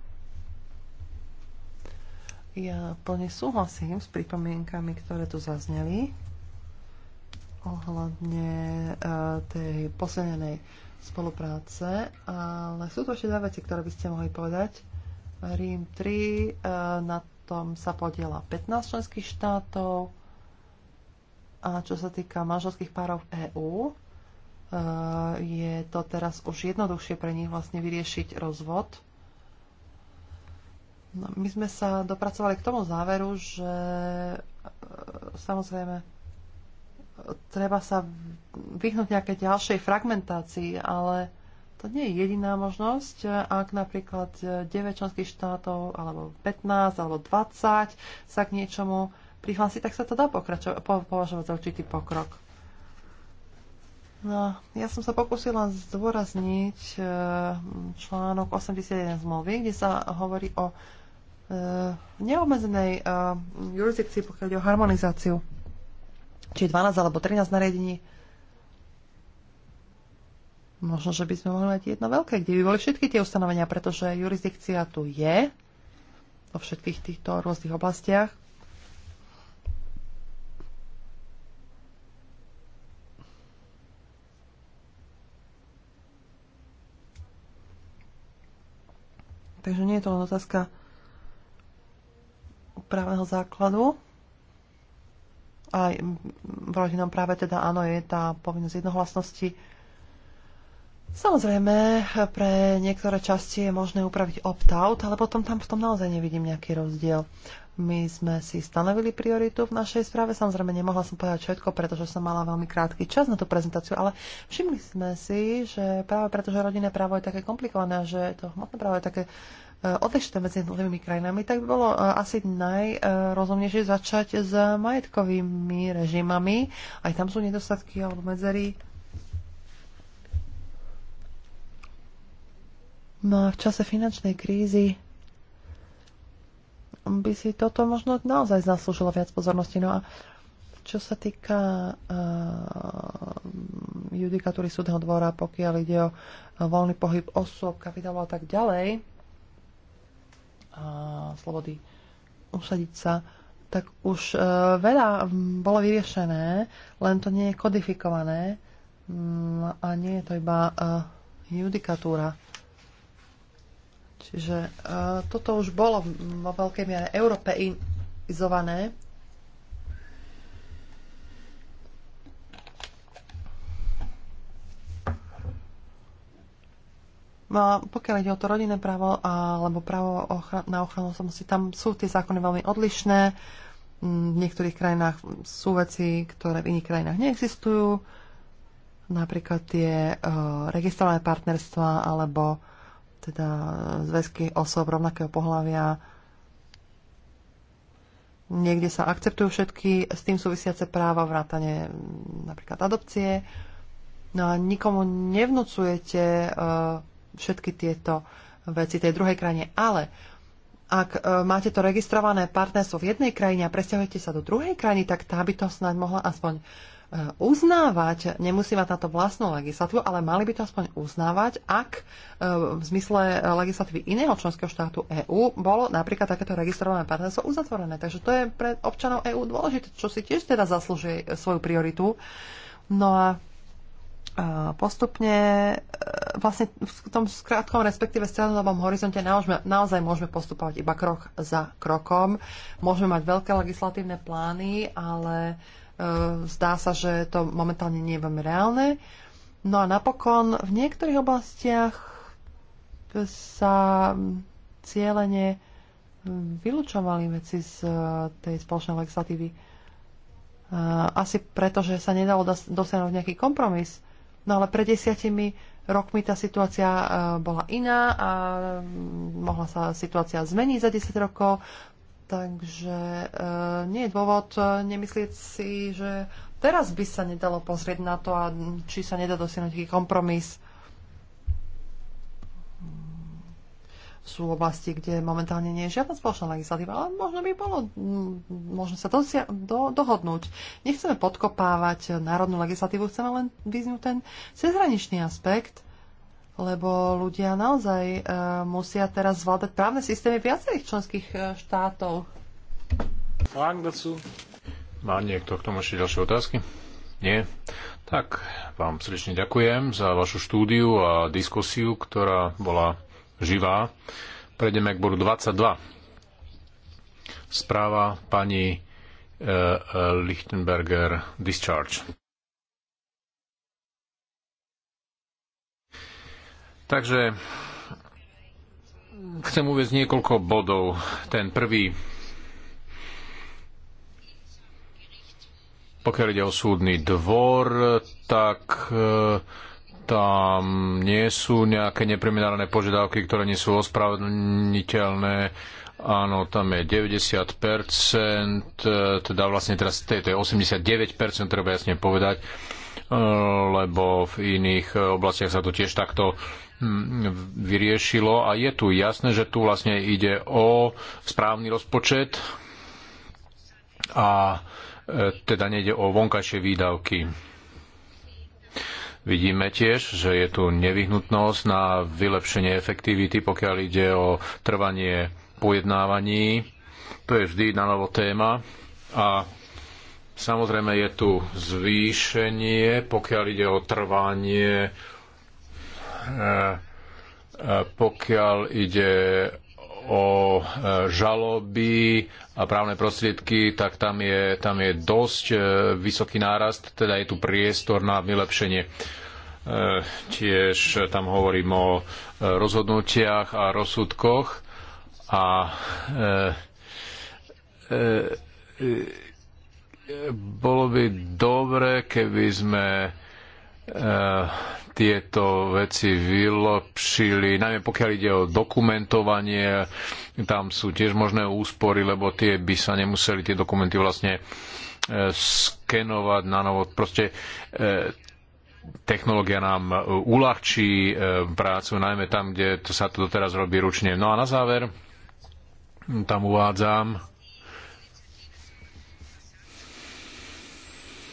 Ja plne súhlasím s pripomienkami, ktoré tu zazneli ohľadne e, tej uh, spolupráce, ale sú to ešte dva veci, ktoré by ste mohli povedať. Rím 3, e, na tom sa podiela 15 členských štátov a čo sa týka manželských párov v EÚ, e, je to teraz už jednoduchšie pre nich vlastne vyriešiť rozvod. No, my sme sa dopracovali k tomu záveru, že e, samozrejme treba sa vyhnúť nejakej ďalšej fragmentácii, ale to nie je jediná možnosť. Ak napríklad 9 členských štátov, alebo 15, alebo 20 sa k niečomu prihlási, tak sa to dá po- považovať za určitý pokrok. No, ja som sa pokúsila zdôrazniť e, článok 81 zmluvy, kde sa hovorí o e, neobmedzenej e, jurisdikcii, pokiaľ ide o harmonizáciu či 12 alebo 13 nariadení. Možno, že by sme mohli mať jedno veľké, kde by boli všetky tie ustanovenia, pretože jurisdikcia tu je vo všetkých týchto rôznych oblastiach. Takže nie je to len otázka právneho základu aj v rodinnom práve teda áno, je tá povinnosť jednohlasnosti. Samozrejme, pre niektoré časti je možné upraviť opt-out, ale potom tam v tom naozaj nevidím nejaký rozdiel. My sme si stanovili prioritu v našej správe, samozrejme nemohla som povedať všetko, pretože som mala veľmi krátky čas na tú prezentáciu, ale všimli sme si, že práve preto, že rodinné právo je také komplikované, že to hmotné právo je také odlišné medzi jednotlivými krajinami, tak by bolo e, asi najrozumnejšie začať s majetkovými režimami. Aj tam sú nedostatky alebo medzery. No a v čase finančnej krízy by si toto možno naozaj zaslúžilo viac pozornosti. No a čo sa týka uh, judikatúry súdneho dvora, pokiaľ ide o e, voľný pohyb osôb, kapitálu a tak ďalej, a slobody usadiť sa, tak už e, veľa bolo vyriešené, len to nie je kodifikované mm, a nie je to iba e, judikatúra. Čiže e, toto už bolo vo veľkej miere europeizované pokiaľ ide o to rodinné právo alebo právo na ochranu osobnosti, tam sú tie zákony veľmi odlišné. Mm, v niektorých krajinách sú veci, ktoré v iných krajinách neexistujú. Napríklad tie e, registrované partnerstva alebo teda zväzky osob rovnakého pohľavia. Niekde sa akceptujú všetky s tým súvisiace práva, vrátane mm, napríklad adopcie. No a nikomu nevnúcujete uh, všetky tieto veci tej druhej krajine. Ale ak e, máte to registrované partnerstvo v jednej krajine a presťahujete sa do druhej krajiny, tak tá by to snáď mohla aspoň e, uznávať, nemusí mať na to vlastnú legislatívu, ale mali by to aspoň uznávať, ak e, v zmysle legislatívy iného členského štátu EÚ bolo napríklad takéto registrované partnerstvo uzatvorené. Takže to je pre občanov EÚ dôležité, čo si tiež teda zaslúži svoju prioritu. No a E, postupne e, vlastne v tom krátkom, respektíve strednodobom horizonte naozaj môžeme postupovať iba krok za krokom. Môžeme mať veľké legislatívne plány, ale e, zdá sa, že to momentálne nie je veľmi reálne. No a napokon v niektorých oblastiach sa cieľene vylúčovali veci z e, tej spoločnej legislatívy. E, asi preto, že sa nedalo dosiahnuť nejaký kompromis No ale pred desiatimi rokmi tá situácia e, bola iná a mm, mohla sa situácia zmeniť za 10 rokov, takže e, nie je dôvod e, nemyslieť si, že teraz by sa nedalo pozrieť na to, a mm, či sa nedá dosiahnuť taký kompromis sú oblasti, kde momentálne nie je žiadna spoločná legislatíva, ale možno by bolo, možno sa dosia- do- dohodnúť. Nechceme podkopávať národnú legislatívu, chceme len vyznúť ten cezhraničný aspekt, lebo ľudia naozaj e, musia teraz zvládať právne systémy viacerých členských e, štátov. Má niekto k tomu ešte ďalšie otázky? Nie? Tak vám srdečne ďakujem za vašu štúdiu a diskusiu, ktorá bola živá. Prejdeme k bodu 22. Správa pani e, e, Lichtenberger Discharge. Takže chcem uvieť niekoľko bodov. Ten prvý, pokiaľ ide o súdny dvor, tak uh, tam nie sú nejaké nepriminálne požiadavky, ktoré nie sú ospravedlniteľné. Áno, tam je 90%, teda vlastne teraz to je 89%, treba jasne povedať, lebo v iných oblastiach sa to tiež takto hm, vyriešilo a je tu jasné, že tu vlastne ide o správny rozpočet a e, teda nejde o vonkajšie výdavky. Vidíme tiež, že je tu nevyhnutnosť na vylepšenie efektivity, pokiaľ ide o trvanie pojednávaní. To je vždy na novo téma. A samozrejme je tu zvýšenie, pokiaľ ide o trvanie, e, e, pokiaľ ide o e, žaloby a právne prostriedky, tak tam je, tam je dosť e, vysoký nárast, teda je tu priestor na vylepšenie. E, tiež tam hovorím o rozhodnutiach a rozsudkoch a bolo by dobre, keby sme tieto veci vylepšili, najmä pokiaľ ide o dokumentovanie, tam sú tiež možné úspory, lebo tie by sa nemuseli tie dokumenty vlastne e, skenovať na novo. Proste e, technológia nám e, uľahčí prácu, najmä tam, kde to sa to doteraz robí ručne. No a na záver tam uvádzam,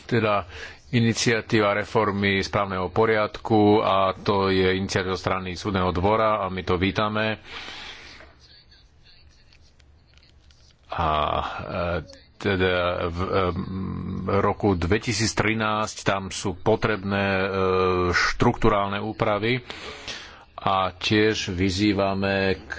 teda iniciatíva reformy správneho poriadku a to je iniciatíva strany súdneho dvora a my to vítame. A e, teda v e, roku 2013 tam sú potrebné e, štruktúrálne úpravy a tiež vyzývame k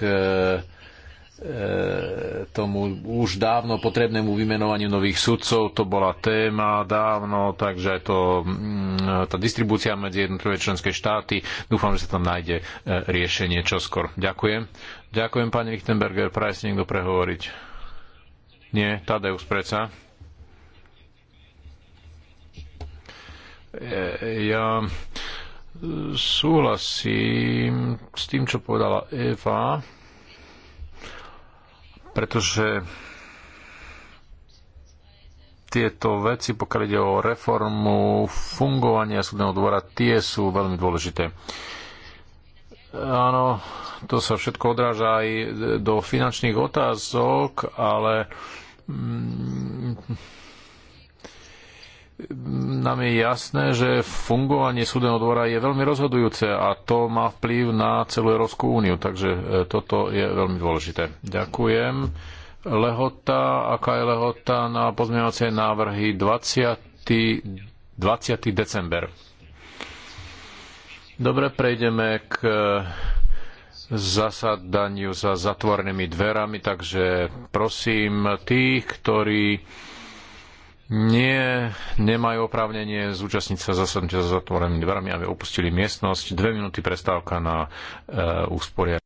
E, tomu už dávno potrebnému vymenovaniu nových sudcov. To bola téma dávno, takže to, mm, tá distribúcia medzi jednotlivé členské štáty. Dúfam, že sa tam nájde e, riešenie čoskor. Ďakujem. Ďakujem, pani Lichtenberger. Praje si niekto prehovoriť? Nie? Tadeus preca. E, ja súhlasím s tým, čo povedala Eva pretože tieto veci, pokiaľ ide o reformu fungovania súdneho dvora, tie sú veľmi dôležité. Áno, to sa všetko odráža aj do finančných otázok, ale mm, nám je jasné, že fungovanie súdneho dvora je veľmi rozhodujúce a to má vplyv na celú Európsku úniu, takže e, toto je veľmi dôležité. Ďakujem. Lehota, aká je lehota na pozmeňovacie návrhy 20. 20. december. Dobre, prejdeme k e, zasadaniu za zatvorenými dverami, takže prosím tých, ktorí nie, nemajú oprávnenie zúčastniť sa zasadnutia za zatvorenými dverami, aby opustili miestnosť. Dve minúty prestávka na e, úsporia.